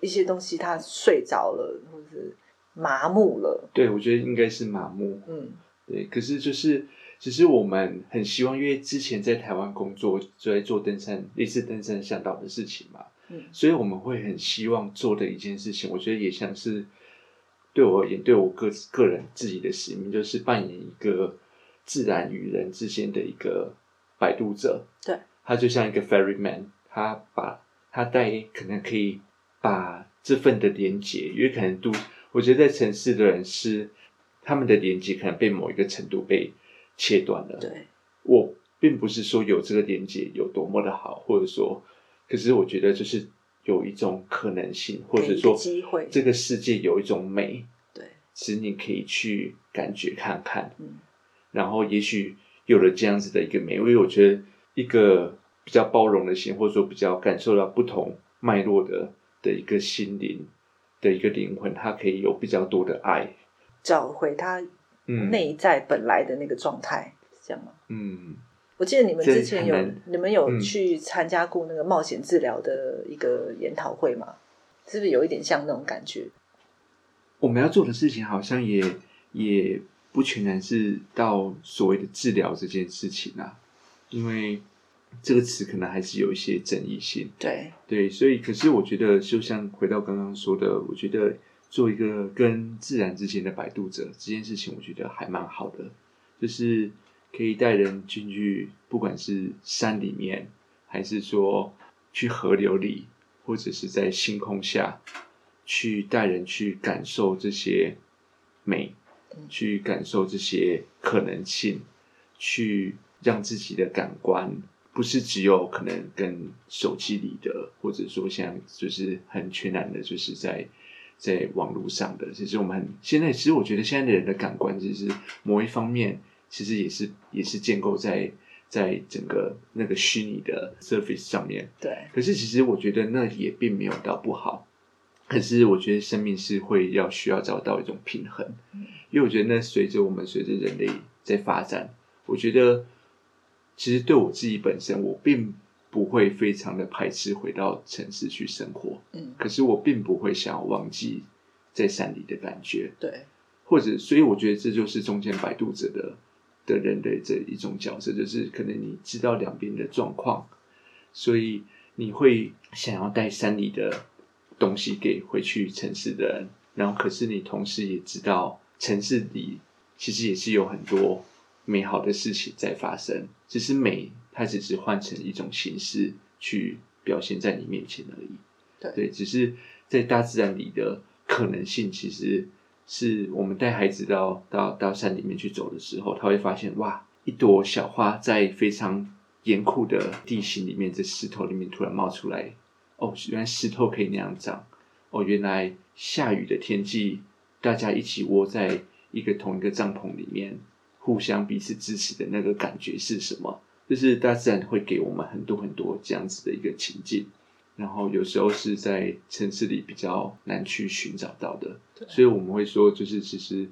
一些東西它睡着了，或者是麻木了。對，我覺得應該是麻木。嗯，對，可是就是。其實我們很希望，因為之前在台灣工作，就在做登山類似登山嚮導的事情嘛，嗯、所以我們會很希望做的一件事情，我覺得也像是對我而言，對我個個人自己的使命，就是扮演一個自然與人之間的一個擺渡者。對，他就像一個 ferryman，他把他帶，可能可以把這份的連接，因為可能都我覺得在城市的人是他們的連接，可能被某一個程度被。切斷了。對，我並不是說有這個連接有多麼的好，或者說，可是我覺得就是有一種可能性，或者說，給一個機會。這個世界有一種美，對，使你可以去感覺看看。嗯，然後也許有了這樣子的一個美，因為我覺得一個比較包容的心，或者說比較感受到不同脈絡的的一個心靈的一個靈魂，它可以有比較多的愛，找回它。嗯、內在本來的那個狀態，是這樣嗎？嗯，我記得你們之前有你們有去參加過那個冒險治療的一個研討會嗎？嗯、是不是有一點像那種感覺？我們要做的事情，好像也也不全然是到所謂的治療這件事情啊，因為這個詞可能還是有一些爭議性。對對，所以可是我覺得，就像回到剛剛說的，我覺得。做一個跟自然之間的擺渡者，這件事情我覺得還蠻好的，就是可以帶人進去，不管是山裡面，還是說去河流裡，或者是在星空下，去帶人去感受這些美，嗯、去感受這些可能性，去讓自己的感官不是只有可能跟手機裡的，或者說像就是很全然的，就是在。在網絡上的，其實我們很，現在，其實我覺得現在的人的感官、就是，其實某一方面，其實也是也是建構在在整個那個虛擬的 surface 上面。對。可是，其實我覺得那也並沒有到不好。可是，我覺得生命是會要需要找到一種平衡，嗯、因為我覺得那隨着我們隨着人類在發展，我覺得其實對我自己本身，我並。不會非常的排斥回到城市去生活，嗯，可是我並不會想要忘記在山裡的感覺，對，或者所以我覺得這就是中間擺渡者的的人類這一種角色，就是可能你知道兩邊的狀況，所以你會想要帶山裡的東西給回去城市的人，然後可是你同時也知道城市裡其實也是有很多美好的事情在發生，只是每。它只是換成一種形式去表現在你面前而已。對。對，只是在大自然裡的可能性，其實是我們帶孩子到到到山裡面去走的時候，他會發現哇，一朵小花在非常嚴酷的地形裡面，這石頭裡面突然冒出來，哦，原來石頭可以那樣長。哦，原來下雨的天氣，大家一起窩在一個同一個帳篷裡面，互相彼此支持的那個感覺是什麼？就是大自然會給我們很多很多這樣子的一個情境，然後有時候是在城市裡比較難去尋找到的，對所以我們會說，就是其實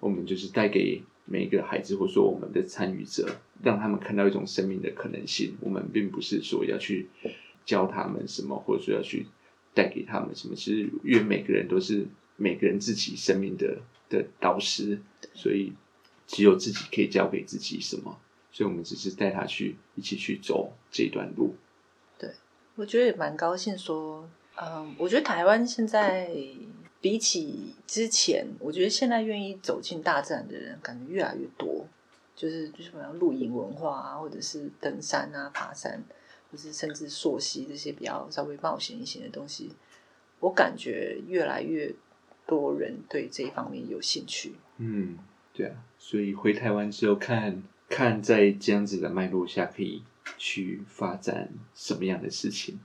我們就是帶給每個孩子，或者說我們的參與者，讓他們看到一種生命的可能性。我們並不是說要去教他們什麼，或者說要去帶給他們什麼。其實，因為每個人都是每個人自己生命的的導師，所以只有自己可以教給自己什麼。所以，我們只是帶他去，一起去走這一段路。對，我覺得也蠻高興說，嗯，我覺得台灣現在比起之前，我覺得現在願意走進大自然的人，感覺越來越多。就是，就是什麼露營文化啊，或者是登山啊、爬山，或是，就是甚至溯溪這些比較稍微冒險一些的東西，我感覺越來越多人對這一方面有興趣。嗯，對啊。所以回台灣之後看。看，在這樣子的脈絡下，可以去發展什麼樣的事情？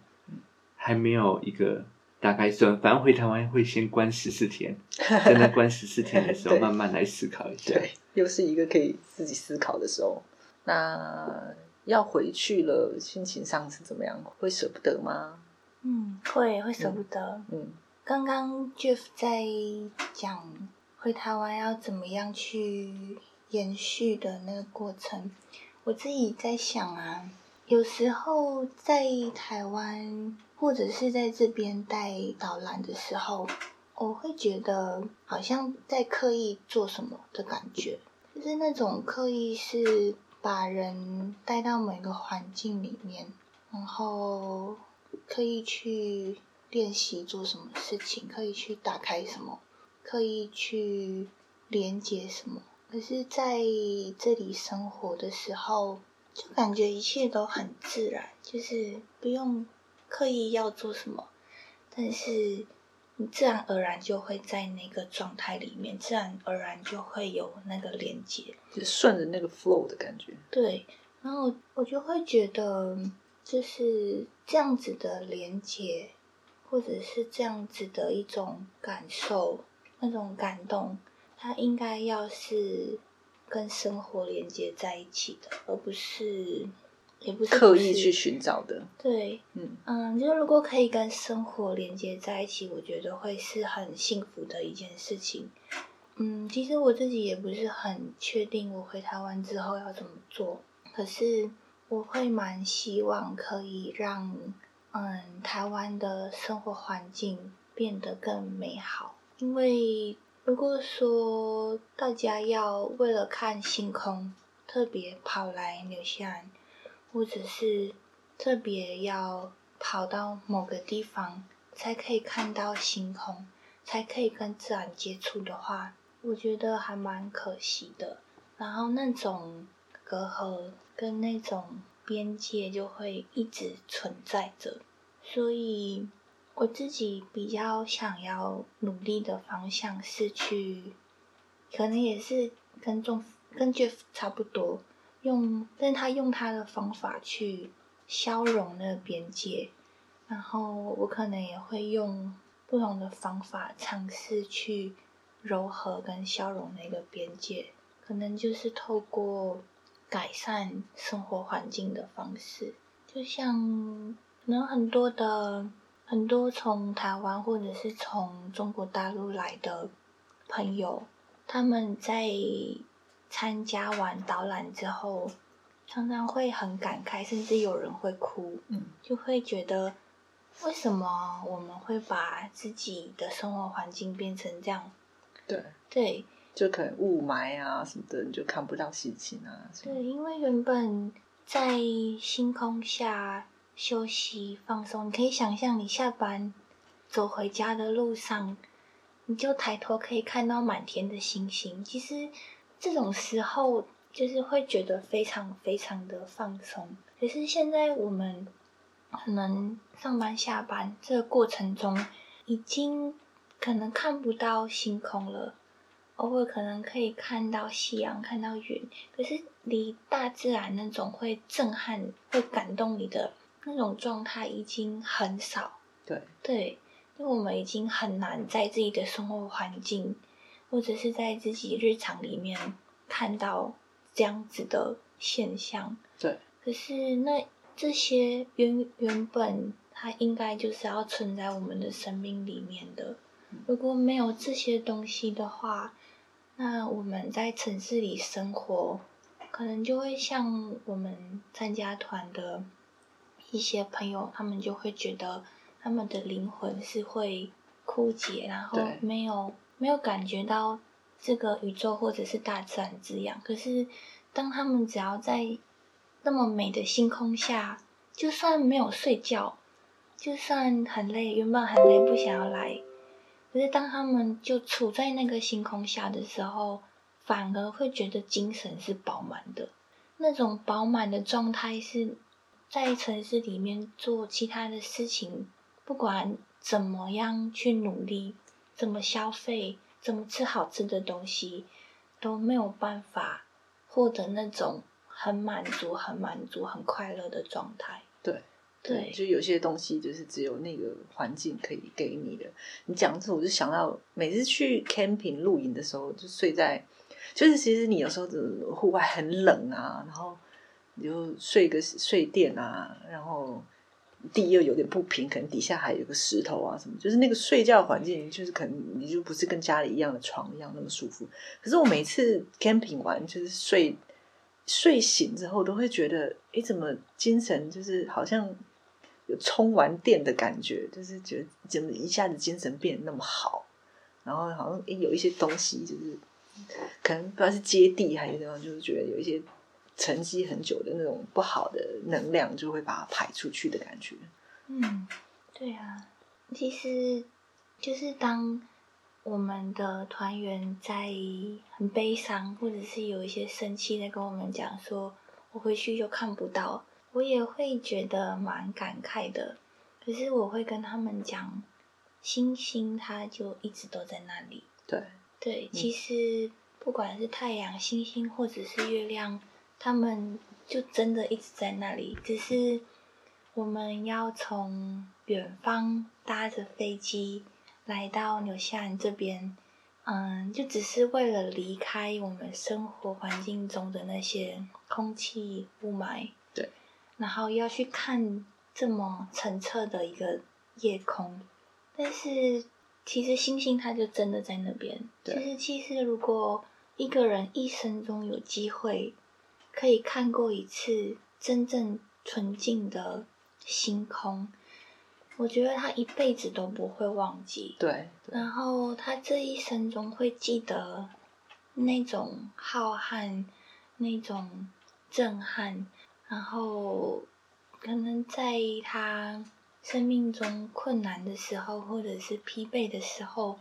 還沒有一個大概算，反正回台灣會先關十四天，在那關十四天的時候，慢慢來思考一下 (laughs) 對。對，又是一個可以自己思考的時候。那要回去了，心情上是怎麼樣？會捨不得嗎？嗯，會，會捨不得。嗯，剛剛 Jeff 在講回台灣要怎麼樣去。延續的那個過程，我自己在想啊，有時候在台灣或者是在這邊帶導覽的時候，我會覺得好像在刻意做什麼的感覺，就是那種刻意是把人帶到每個環境裡面，然後刻意去練習做什麼事情，刻意去打開什麼，刻意去連接什麼。可是在這裡生活的時候，就感覺一切都很自然，就是不用刻意要做什麼，但是你自然而然就會在那個狀態裡面，自然而然就會有那個連接，就順着那個 flow 的感覺。對，然後我就會覺得就是這樣子的連接，或者是這樣子的一種感受，那種感動。他應該要是跟生活連接在一起的，而不是也不是，不是刻意去尋找的。對，嗯嗯，就是如果可以跟生活連接在一起，我覺得會是很幸福的一件事情。嗯，其實我自己也不是很確定，我回台灣之後要怎麼做。可是我會蠻希望可以讓嗯台灣的生活環境變得更美好，因為。如果說大家要為了看星空特別跑來紐西蘭，或者是特別要跑到某個地方才可以看到星空，才可以跟自然接觸的話，我覺得還蠻可惜的。然後那種隔閡跟那種邊界就會一直存在着，所以。我自己比較想要努力的方向是去，可能也是跟眾跟 Jeff 差不多，用，但他用他的方法去消融那個邊界，然後我可能也會用不同的方法嘗試去柔和跟消融那個邊界，可能就是透過改善生活環境的方式，就像可能很多的。很多從台灣或者是從中國大陸來的朋友，他們在參加完導覽之後，常常會很感慨，甚至有人會哭。嗯，就會覺得為什麼我們會把自己的生活環境變成這樣？對。對。就可能霧霾啊什麼的，你就看不到事情星星啊。對，因為原本在星空下。休息放鬆，你可以想象你下班走回家的路上，你就抬頭可以看到滿天的星星。其實這種時候就是會覺得非常非常的放鬆。可是現在我們可能上班下班這個過程中，已經可能看不到星空了，偶爾可能可以看到夕陽，看到雲。可是離大自然那種會震撼、會感動你的。那種狀態已經很少，對，對，因為我們已經很難在自己的生活環境，或者是在自己日常裡面看到這樣子的現象。對，可是那這些原原本它應該就是要存在我們的生命裡面的，如果沒有這些東西的話，那我們在城市裡生活，可能就會像我們參加團的一些朋友，他們就會覺得他們的靈魂是會枯竭，然後沒有對沒有感覺到這個宇宙或者是大自然滋養。可是，當他們只要在那麼美的星空下，就算沒有睡覺，就算很累，原本很累不想要來，可是當他們就處在那個星空下的時候，反而會覺得精神是飽滿的。那種飽滿的狀態是。在城市裡面做其他的事情，不管怎麼樣去努力，怎麼消費，怎麼吃好吃的東西，都沒有辦法獲得那種很滿足、很滿足、很快樂的狀態。對，對，對，就有些東西就是只有那個環境可以給你的。你講這，我就想到每次去 camping、露營的時候，就睡在，就是其實你有時候戶外很冷啊，然後。就睡個睡墊啊，然後地又有點不平，可能底下還有個石頭啊什麼，就是那個睡覺環境，就是可能你就不是跟家裡一樣的床一樣那麼舒服。可是我每次 camping 完，就是睡睡醒之後，都會覺得，哎，怎麼精神就是好像有充完電的感覺，就是覺得怎麼一下子精神變得那麼好，然後好像哎有一些東西就是可能不知道是接地還是怎樣，就是覺得有一些。沉積很久的那種不好的能量，就會把它排出去的感覺。嗯，對啊，其實就是當我們的團員在很悲傷，或者是有一些生氣，地跟我們講說“我回去就看不到”，我也會覺得蠻感慨的。可是我會跟他們講，星星它就一直都在那裡。對對，其實不管是太陽、嗯、星星，或者是月亮。他們就真的一直在那裡，只是我們要從遠方搭着飛機來到紐西蘭這邊，嗯，就只是為了離開我們生活環境中的那些空氣霧霾，對，然後要去看這麼澄澈的一個夜空。但是其實星星它就真的在那邊。其實對，其實如果一個人一生中有機會，可以看過一次真正純淨的星空，我覺得他一輩子都不會忘記。對。對然後他這一生中會記得那種浩瀚，那種震撼，然後可能在他生命中困難的時候，或者是疲憊的時候，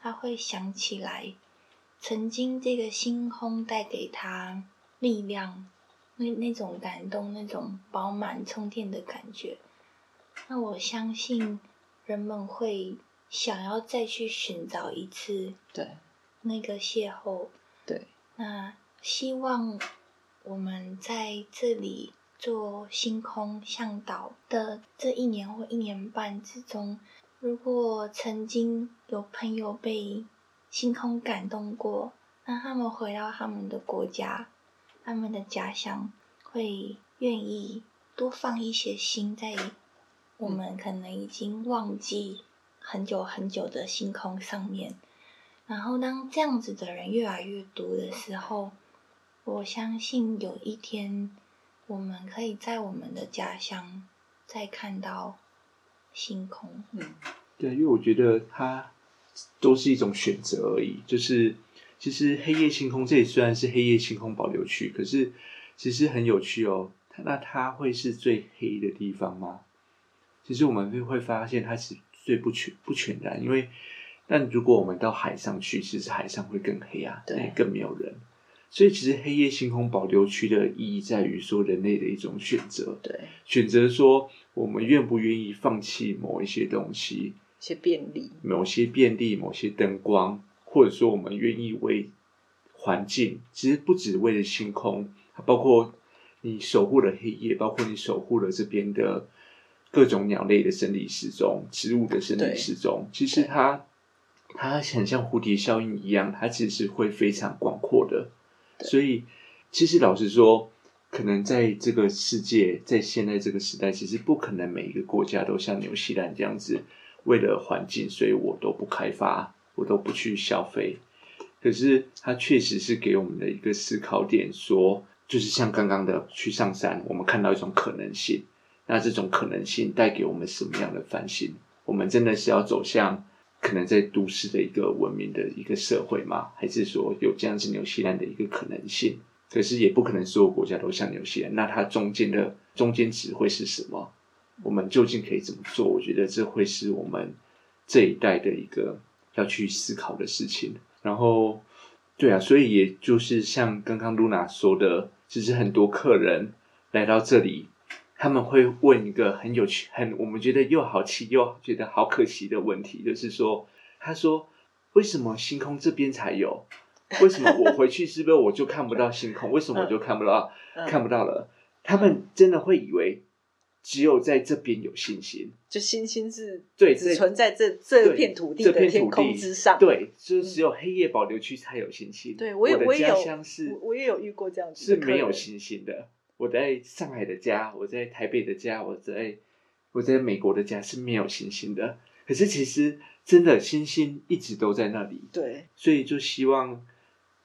他會想起來曾經這個星空帶給他力量，那那種感動，那種飽滿充電的感覺。那我相信人們會想要再去尋找一次，對，那個邂逅。對。那希望我們在這裡做星空嚮導的這一年或一年半之中，如果曾經有朋友被星空感動過，那他們回到他們的國家。他們的家鄉，會願意多放一些心在我們可能已經忘記很久很久的星空上面。然後，當這樣子的人越來越多的時候，我相信有一天我們可以在我們的家鄉再看到星空。嗯，對，因為我覺得他都是一種選擇而已，就是。其實黑夜星空這裡雖然是黑夜星空保留區，可是其實很有趣哦。那它會是最黑的地方嗎？其實我們會發現它是最不全不全然，因為但如果我們到海上去，其實海上會更黑啊，對，更沒有人。所以其實黑夜星空保留區的意義在於說人類的一種選擇，對，選擇說我們願不願意放棄某一些東西，一些便利，某些便利，某些燈光。或者說，我們願意為環境，其實不只為了星空，它包括你守護了黑夜，包括你守護了這邊的各種鳥類的生理時鐘、植物的生理時鐘。對其實它它很像蝴蝶效應一樣，它其實是會非常廣闊的。所以，其實老實說，可能在這個世界，在現在這個時代，其實不可能每一個國家都像紐西蘭這樣子，為了環境，所以我都不開發。我都不去消費，可是它確實是給我們的一個思考點說，說就是像剛剛的去上山，我們看到一種可能性。那這種可能性帶給我們什麼樣的反省？我們真的是要走向可能在都市的一個文明的一個社會嗎？還是說有這樣子紐西蘭的一個可能性？可是也不可能所有國家都像紐西蘭。那它中間的中間只會是什麼？我們究竟可以怎麼做？我覺得這會是我們這一代的一個。要去思考的事情，然後，對啊，所以也就是像剛剛露娜說的，其實很多客人來到這裡，他們會問一個很有趣、很我們覺得又好奇又好覺得好可惜的問題，就是說，他說為什麼星空這邊才有？為什麼我回去是不是我就看不到星空？為什麼我就看不到 (laughs) 看不到了？他們真的會以為。只有在這邊有星星，就星星是對只存在這對這片土地的天空之上。對，就只有黑夜保留區才有星星。對，我有，我，我也有，我也有遇過這樣子是沒有星星的。我在上海的家，我在台北的家，我在我在美國的家是沒有星星的。可是其實真的星星一直都在那裡。對，所以就希望，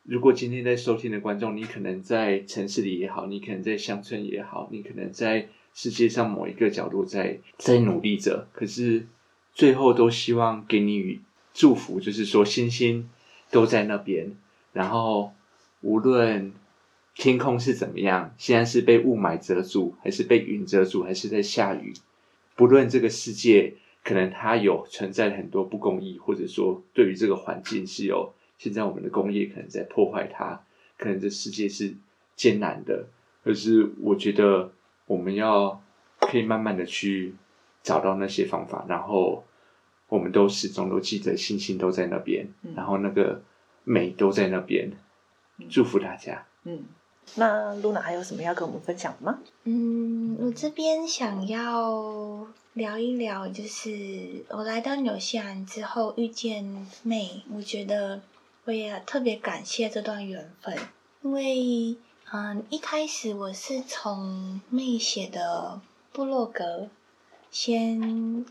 如果今天在收聽的觀眾，你可能在城市裡也好，你可能在鄉村也好，你可能在。世界上某一個角落在在努力着，可是最後都希望給你與祝福，就是說星星都在那邊，然後無論天空是怎麼樣，現在是被霧霾遮住，還是被雲遮住，還是在下雨，不論這個世界，可能它有存在很多不公義，或者說，對於這個環境是有現在我們的工業可能在破壞它，可能這世界是艱難的，可是我覺得。我們要可以慢慢的去找到那些方法，然後我們都始終都記得星星都在那邊，嗯、然後那個美都在那邊，嗯、祝福大家。嗯，那露娜還有什麼要跟我們分享嗎？嗯，我這邊想要聊一聊，就是我來到紐西蘭之後遇見美，我覺得我也特別感謝這段緣分，因為。嗯，一開始我是從妹寫的部落格，先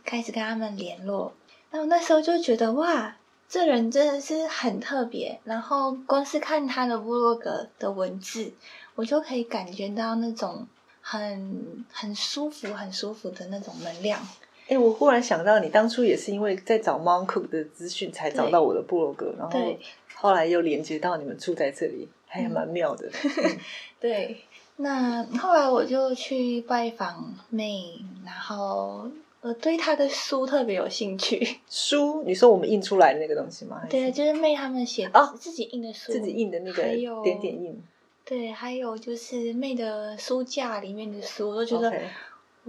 開始跟他們聯絡。然後那時候就覺得，哇，這人真的是很特別。然後光是看他的部落格的文字，我就可以感覺到那種很很舒服、很舒服的那種能量。哎、欸，我忽然想到，你當初也是因為在找 Mount Cook 的資訊，才找到我的部落格，對然後後來又連接到你們住在這裡。還蠻、哎、妙的、的、嗯，對。那後來我就去拜訪妹，然後我對她的書特別有興趣。書？你說我們印出來的那個東西嗎？對，就是妹他們寫的、哦、自己印的書，自己印的那個點點印還有。對，還有就是妹的書架裡面的書，我都覺得 Okay.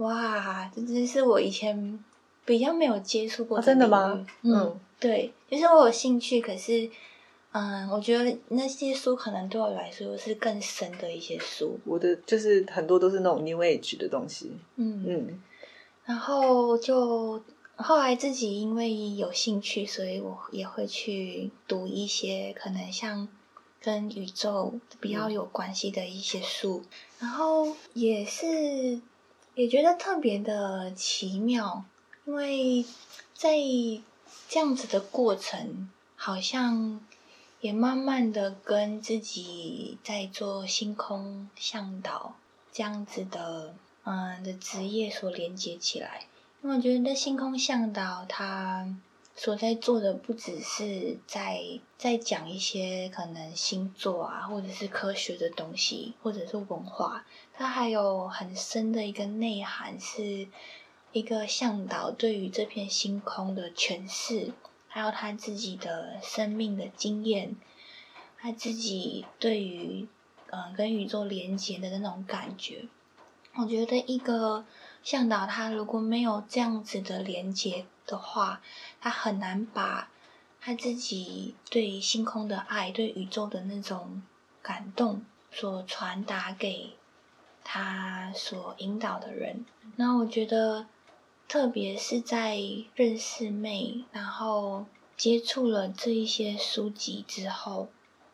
哇，這、就、真是我以前比較沒有接觸過妹妹、哦。真的嗎？嗯，嗯對，就是我有興趣，可是。嗯，我覺得那些書可能對我來說是更深的一些書。我的就是很多都是那種 New Age 的東西。嗯嗯，嗯然後就後來自己因為有興趣，所以我也會去讀一些可能像跟宇宙比較有關係的一些書，嗯，然後也是也覺得特別的奇妙，因為在這樣子的過程好像。也慢慢的跟自己在做星空嚮導這樣子的，嗯的職業所連接起來。因為我覺得星空嚮導他所在做的不只是在在講一些可能星座啊，或者是科學的東西，或者是文化，它還有很深的一個內涵，是一個嚮導對於這片星空的詮釋。還有他自己的生命的經驗，他自己對於嗯、呃、跟宇宙連接的那種感覺，我覺得一個向導他如果沒有這樣子的連接的話，他很難把他自己對星空的愛、對宇宙的那種感動所傳達給他所引導的人。那我覺得。.特別是在認識妹，然後接觸了這一些書籍之後，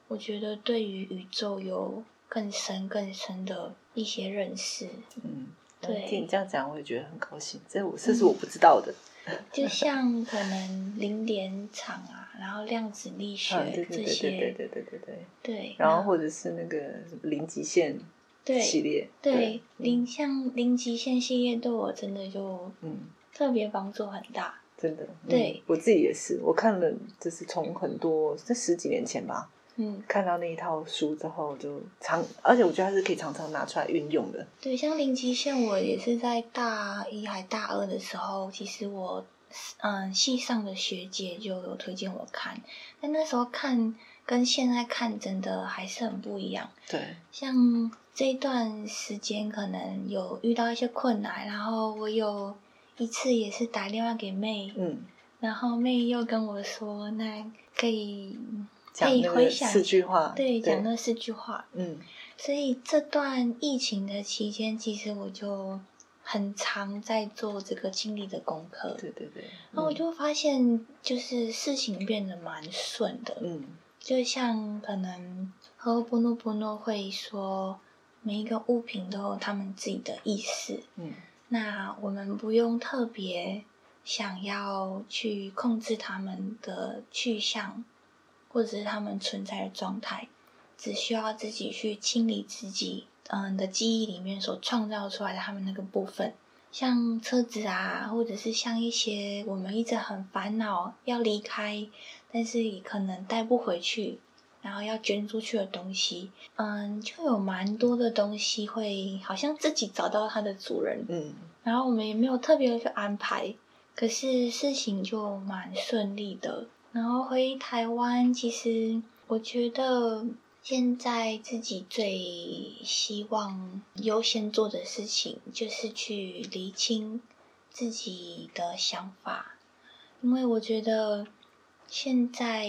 我覺得對於宇宙有更深更深的一些認識。嗯，對聽你這樣講，我也覺得很高興，這我這是我不知道的。嗯、就像可能零點場啊， (laughs) 然後量子力學這些，嗯、對，對對對對對對對對，對然後，然後或者是那個什麼零極限。對，系列對零、嗯、像零極限系列對我真的就嗯特別幫助很大，嗯、真的對、嗯，我自己也是，我看了就是從很多這十幾年前吧，嗯，看到那一套書之後就常，而且我覺得它是可以常常拿出來運用的。對，像零極限，我也是在大一還大二的時候，其實我嗯系上的學姐就有推薦我看，但那時候看跟現在看真的還是很不一樣。對，像。這一段時間可能有遇到一些困難，然後我有一次也是打電話給妹，嗯，然後妹又跟我說，那可以講四句話，句話，對，講對那四句話，嗯，所以這段疫情的期間，其實我就很常在做這個經歷的功課，對對對，嗯，然後我就發現，就是事情變得蠻順的，嗯，就像可能和波諾波諾會說。每一個物品都有他們自己的意思。嗯，那我們不用特別想要去控制他們的去向，或者是他們存在的狀態，只需要自己去清理自己，嗯，的記憶裡面所創造出來的他們那個部分，像車子啊，或者是像一些我們一直很煩惱要離開，但是也可能帶不回去。然後要捐出去的東西，嗯，就有蠻多的東西會好像自己找到它的主人，嗯。然後我們也沒有特別的去安排，可是事情就蠻順利的。然後回台灣，其實我覺得現在自己最希望優先做的事情，就是去釐清自己的想法，因為我覺得。現在，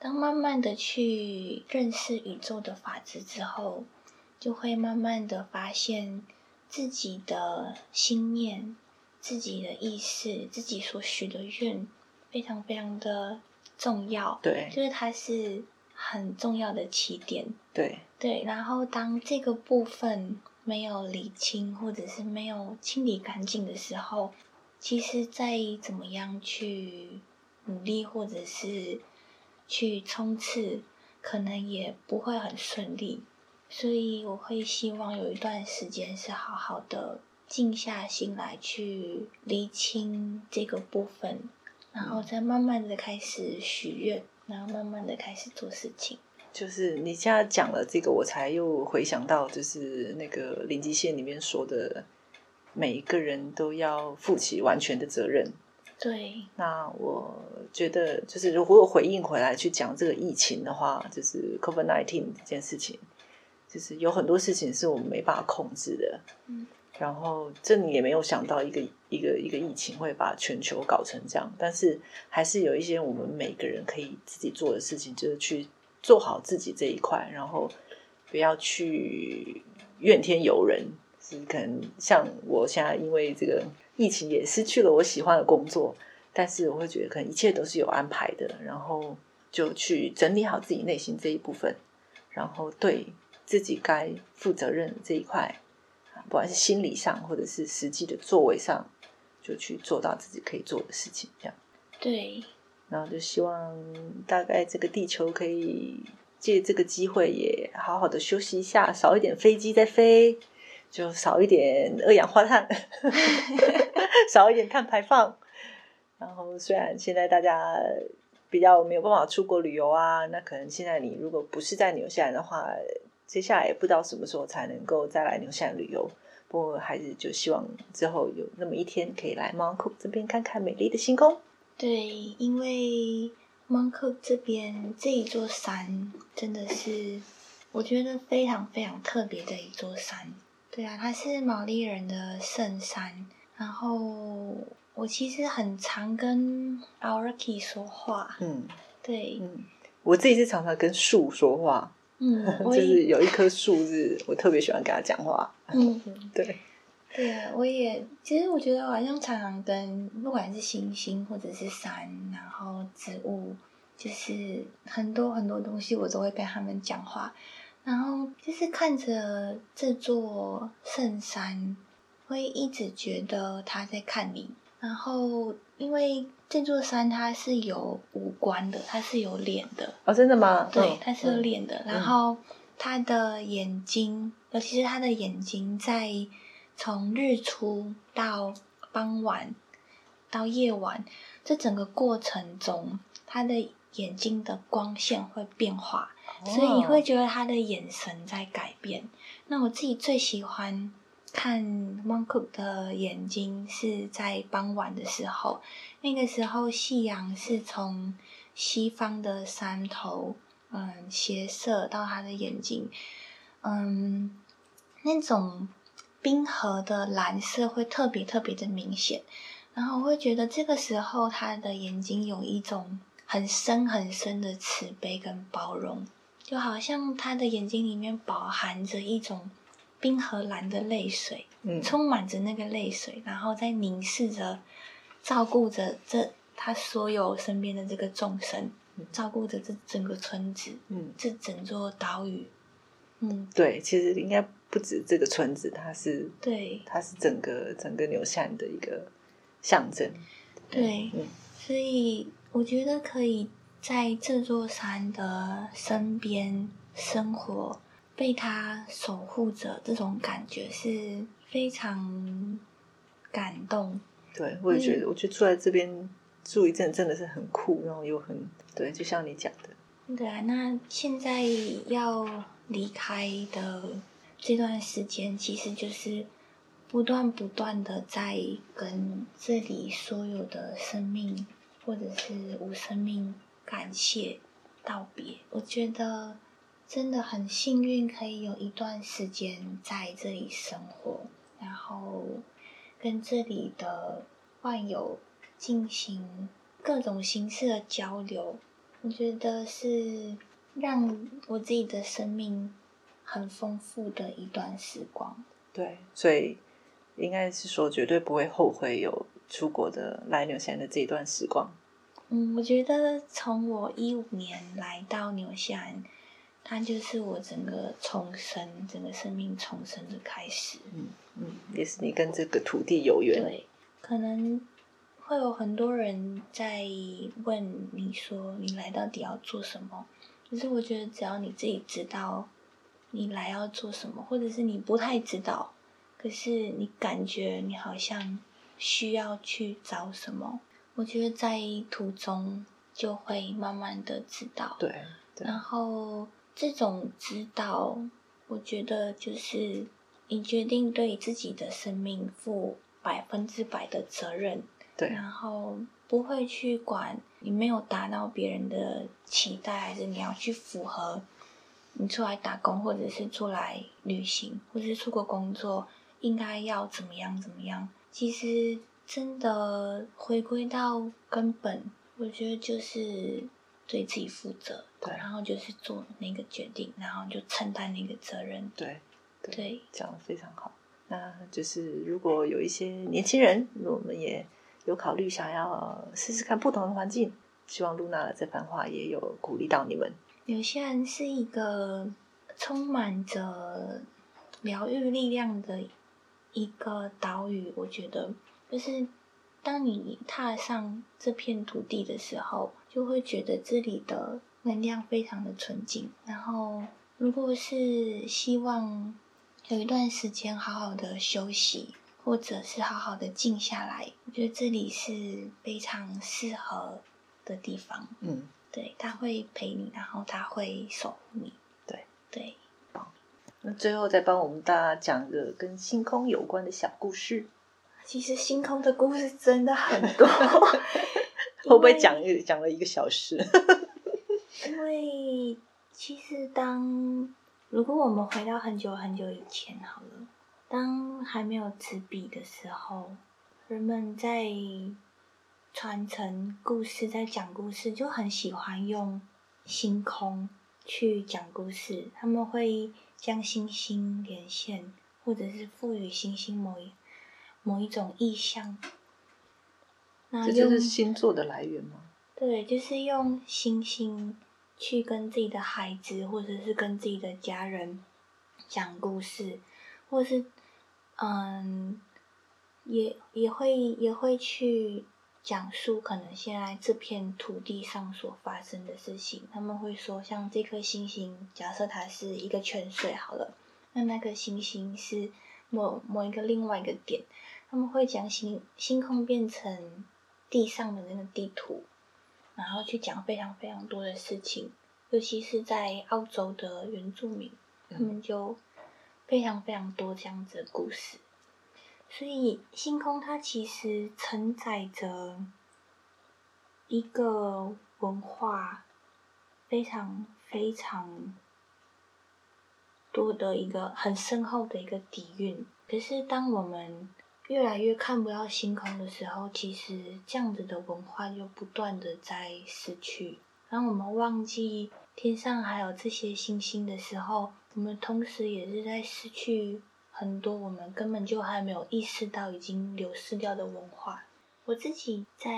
當慢慢的去認識宇宙的法則之後，就會慢慢的發現自己的心念、自己的意識、自己所許的願，非常非常的重要。對，就是它是很重要的起點。對，對。然後，當這個部分沒有理清，或者是沒有清理乾淨的時候，其實，在怎麼樣去。努力或者是去衝刺，可能也不會很順利，所以我會希望有一段時間是好好的靜下心來去釐清這個部分，然後再慢慢的開始許願，然後慢慢的開始做事情。就是你現在講了這個，我才又回想到就是那個零極限裡面說的，每一個人都要負起完全的責任。對，那我覺得就是如果我回應回來去講這個疫情的話，就是 COVID-19 這件事情，就是有很多事情是我們沒辦法控制的。嗯，然後這裡也沒有想到一個一個一個疫情會把全球搞成這樣，但是還是有一些我們每個人可以自己做的事情，就是去做好自己這一塊，然後不要去怨天尤人。是可能像我現在，因為這個疫情也失去了我喜歡的工作，但是我會覺得可能一切都是有安排的。然後就去整理好自己內心這一部分，然後對自己該負責任這一塊，不管是心理上或者是實際的作為上，就去做到自己可以做的事情。這樣對，然後就希望大概這個地球可以借這個機會也好好的休息一下，少一點飛機再飛。就少一點二氧化碳， (laughs) (laughs) 少一點碳排放。然後雖然現在大家比較沒有辦法出國旅遊啊，那可能現在你如果不是在紐西蘭的話，接下來也不知道什麼時候才能夠再來紐西蘭旅遊。不過還是就希望之後有那麼一天可以來 Mount Cook 這邊看看美麗的星空。對，因為 Mount Cook 這邊這一座山真的是我覺得非常非常特別的一座山。對啊，他是毛利人的聖山。然後我其實很常跟 Aoraki 說話。嗯，對，嗯，我自己是常常跟樹說話。嗯， (laughs) 就是有一棵樹，是我特別喜歡跟他講話。嗯， (laughs) 對。對啊，我也其實我覺得，好像常常跟不管是星星或者是山，然後植物，就是很多很多東西，我都會跟他們講話。然後就是看着這座聖山，會一直覺得他在看你。然後，因為這座山它是有五官的，它是有臉的。哦，真的嗎？對，它、嗯、是有臉的。嗯、然後，它的眼睛，嗯、尤其是它的眼睛，在從日出到傍晚到夜晚這整個過程中，它的。眼睛的光線會變化，oh. 所以你會覺得他的眼神在改變。那我自己最喜歡看 Mt Cook 的眼睛是在傍晚的時候，那個時候夕陽是從西方的山頭嗯斜射到他的眼睛，嗯，那種冰河的藍色會特別特別的明顯，然後我會覺得這個時候他的眼睛有一種。很深很深的慈悲跟包容，就好像他的眼睛裡面飽含着一種冰河藍的淚水，嗯，充滿着那個淚水，然後在凝視着，照顧着這他所有身邊的這個眾生，嗯，照顧着這整個村子，嗯，這整座島嶼，嗯，對，其實應該不止這個村子，它是對，它是整個整個牛山的一個象徵，對，對，嗯，所以。我覺得可以在這座山的身邊生活，被他守護着，這種感覺是非常感動。對，我也覺得，我覺得住在這邊住一陣，真的是很酷，然後又很對，就像你講的。對啊，那現在要離開的這段時間，其實就是不斷不斷的在跟這裡所有的生命。或者是無生命，感謝道別，我覺得真的很幸運，可以有一段時間在這裡生活，然後跟這裡的萬有進行各種形式的交流，我覺得是讓我自己的生命很豐富的一段時光。對，所以應該是說絕對不會後悔有出國的來紐西蘭的這一段時光，嗯，我覺得從我一五年來到紐西蘭，它就是我整個重生、整個生命重生的開始。嗯嗯，嗯也是你跟這個土地有緣。對，可能會有很多人在問你說你來到底要做什麼？可是我覺得只要你自己知道你來要做什麼，或者是你不太知道，可是你感覺你好像。需要去找什麼？我覺得在途中就會慢慢的知道。對。然後這種指導，我覺得就是你決定對自己的生命負百分之百的責任。對。然後不會去管你沒有達到別人的期待，還是你要去符合。你出來打工，或者是出來旅行，或者是出國工作，應該要怎麼樣？怎麼樣？其實，真的回歸到根本，我覺得就是對自己負責，對然後就是做那個決定，然後就承擔那個責任。對，對，對講得非常好。那就是如果有一些年輕人，如果我們也有考慮想要試試看不同的環境，希望 Luna 的這番話也有鼓勵到你們。有些人是一個充滿着療癒力量的。一個島嶼，我覺得就是當你踏上這片土地的時候，就會覺得這裡的能量非常的純淨。然後，如果是希望有一段時間好好的休息，或者是好好的靜下來，我覺得這裡是非常適合的地方。嗯，對，他會陪你，然後他會守護你。對對。對那最後再幫我們大家講一個跟星空有關的小故事。其實星空的故事真的很多， (laughs) 會不會講一講為了一個小時？ (laughs) 因為其實當如果我們回到很久很久以前好了，當還沒有紙筆的時候，人們在傳承故事，在講故事，就很喜歡用星空去講故事。他們會。將星星連線，或者是賦予星星某一某一種意象。那這就是星座的來源嗎？對，就是用星星去跟自己的孩子，或者是跟自己的家人講故事，或是嗯，也也會也會去。講述可能現在這片土地上所發生的事情，他們會說，像這顆星星，假設它是一個泉水好了，那那顆星星是某某一個另外一個點，他們會講星星空變成地上的那個地圖，然後去講非常非常多的事情，尤其是在澳洲的原住民，他們就非常非常多這樣子的故事。所以，星空它其實承載着一個文化非常非常多的一個很深厚的一個底蘊。可是，當我們越來越看不到星空的時候，其實這樣子的文化就不斷的在失去。當我們忘記天上還有這些星星的時候，我們同時也是在失去。很多我們根本就還沒有意識到已經流失掉的文化。我自己在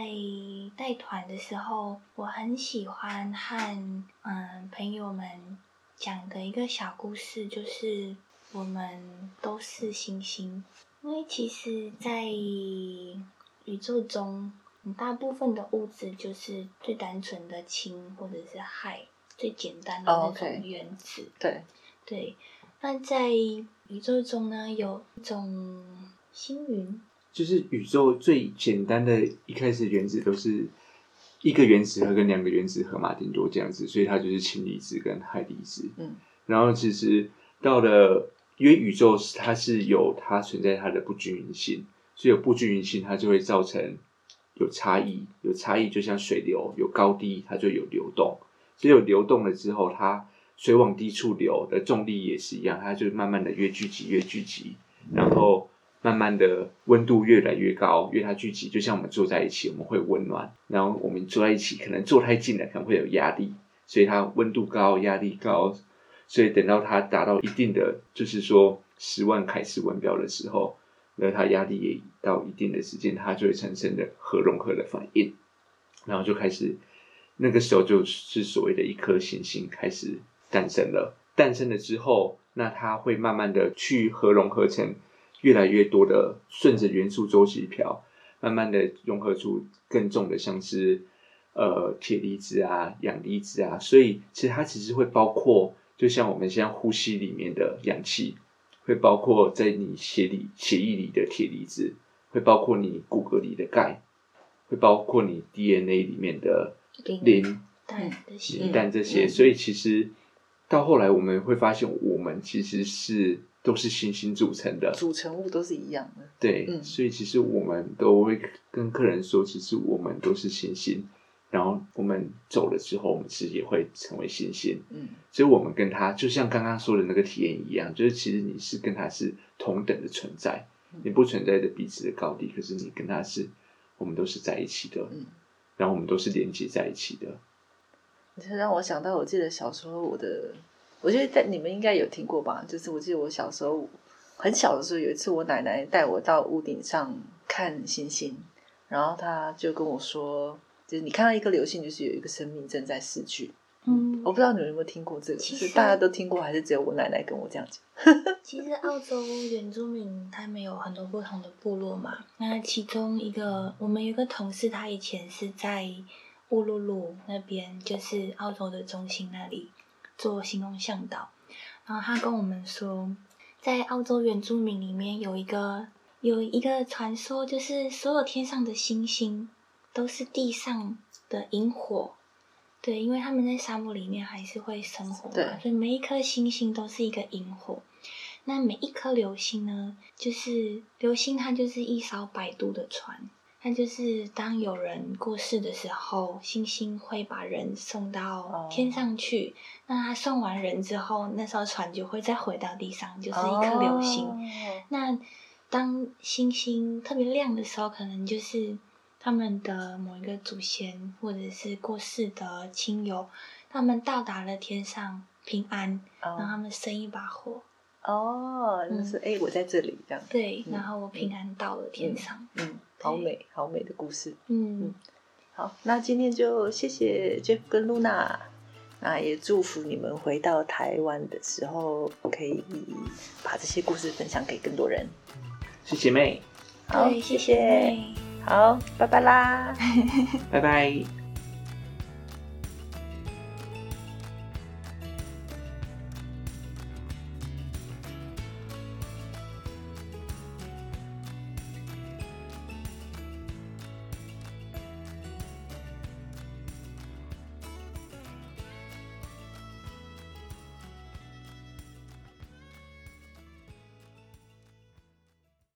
帶團的時候，我很喜歡和嗯朋友們講的一個小故事，就是我們都是星星。因為其實，在宇宙中，大部分的物質就是最單純的氫或者是氦，最簡單的那種原子。Oh, okay. 對對，那在。宇宙中呢，有一種星雲，就是宇宙最簡單的一開始，原子都是一個原子核跟兩個原子核嘛，頂多這樣子，所以它就是氫離子跟氦離子。嗯，然後其實到了因為宇宙，它是有它存在它的不均勻性，所以有不均勻性，它就會造成有差異，有差異就像水流有高低，它就有流動，所以有流動了之後，它。水往低處流的重力也是一樣，它就慢慢的越聚集越聚集，然後慢慢的溫度越來越高，越它聚集，就像我們坐在一起，我們會溫暖。然後我們坐在一起，可能坐太近了，可能會有壓力，所以它溫度高，壓力高，所以等到它達到一定的，就是說十萬開氏溫標的時候，那它壓力也到一定的時間，它就會產生的核融合的反應，然後就開始，那個時候就是所謂的一顆行星開始誕生了，誕生了之後，那它會慢慢的去核融合成越來越多的，順着元素周期表，慢慢的融合出更重的，像是呃鐵離子啊、氧離子啊。所以其實它其實會包括，就像我們現在呼吸裡面的氧氣，會包括在你血裡血液裡的鐵離子，會包括你骨骼裡的鈣，會包括你 DNA 裡面的磷、氮、對這些。嗯、所以其實。到後來，我們會發現，我們其實是都是星星組成的，組成物都是一樣的。對，嗯，所以其實我們都會跟客人說，其實我們都是星星。然後我們走了之後，我們其實也會成為星星。嗯，所以我們跟他就像剛剛說的那個體驗一樣，就是其實你是跟他是同等的存在，你不存在着彼此的高低，可是你跟他是，我們都是在一起的。嗯，然後我們都是連接在一起的。就讓我想到，我記得小時候我的，我覺得在你們應該有聽過吧。就是我記得我小時候很小的時候，有一次我奶奶帶我到屋頂上看星星，然後她就跟我說，就是你看到一個流星，就是有一個生命正在逝去。嗯，我不知道你們有沒有聽過這個，其實大家都聽過還是只有我奶奶跟我這樣講？ (laughs) 其實澳洲原住民他們有很多不同的部落嘛，那其中一個，我們有個同事，他以前是在。烏魯魯那邊就是澳洲的中心，那裡做星空嚮導，然後他跟我們說，在澳洲原住民裡面有一個有一個傳說，就是所有天上的星星都是地上的營火。對，因為他們在沙漠裡面還是會生活嘛，對所以每一顆星星都是一個營火。那每一顆流星呢，就是流星它就是一艘擺渡的船。那就是當有人過世的時候，星星會把人送到天上去。Oh. 那他送完人之後，那艘船就會再回到地上，就是一顆流星。Oh. 那當星星特別亮的時候，可能就是他們的某一個祖先，或者是過世的親友，他們到達了天上，平安，Oh. 讓他們生一把火。哦，就是哎、欸，我在這裡這樣。對，嗯、然後我平安到了天上。嗯，嗯，好美好美的故事。嗯，嗯，好，那今天就謝謝 Jeff 跟 Luna，那也祝福你們回到台灣的時候，可以把這些故事分享給更多人。謝謝妹，好，謝謝，謝謝，好，拜拜啦，拜拜。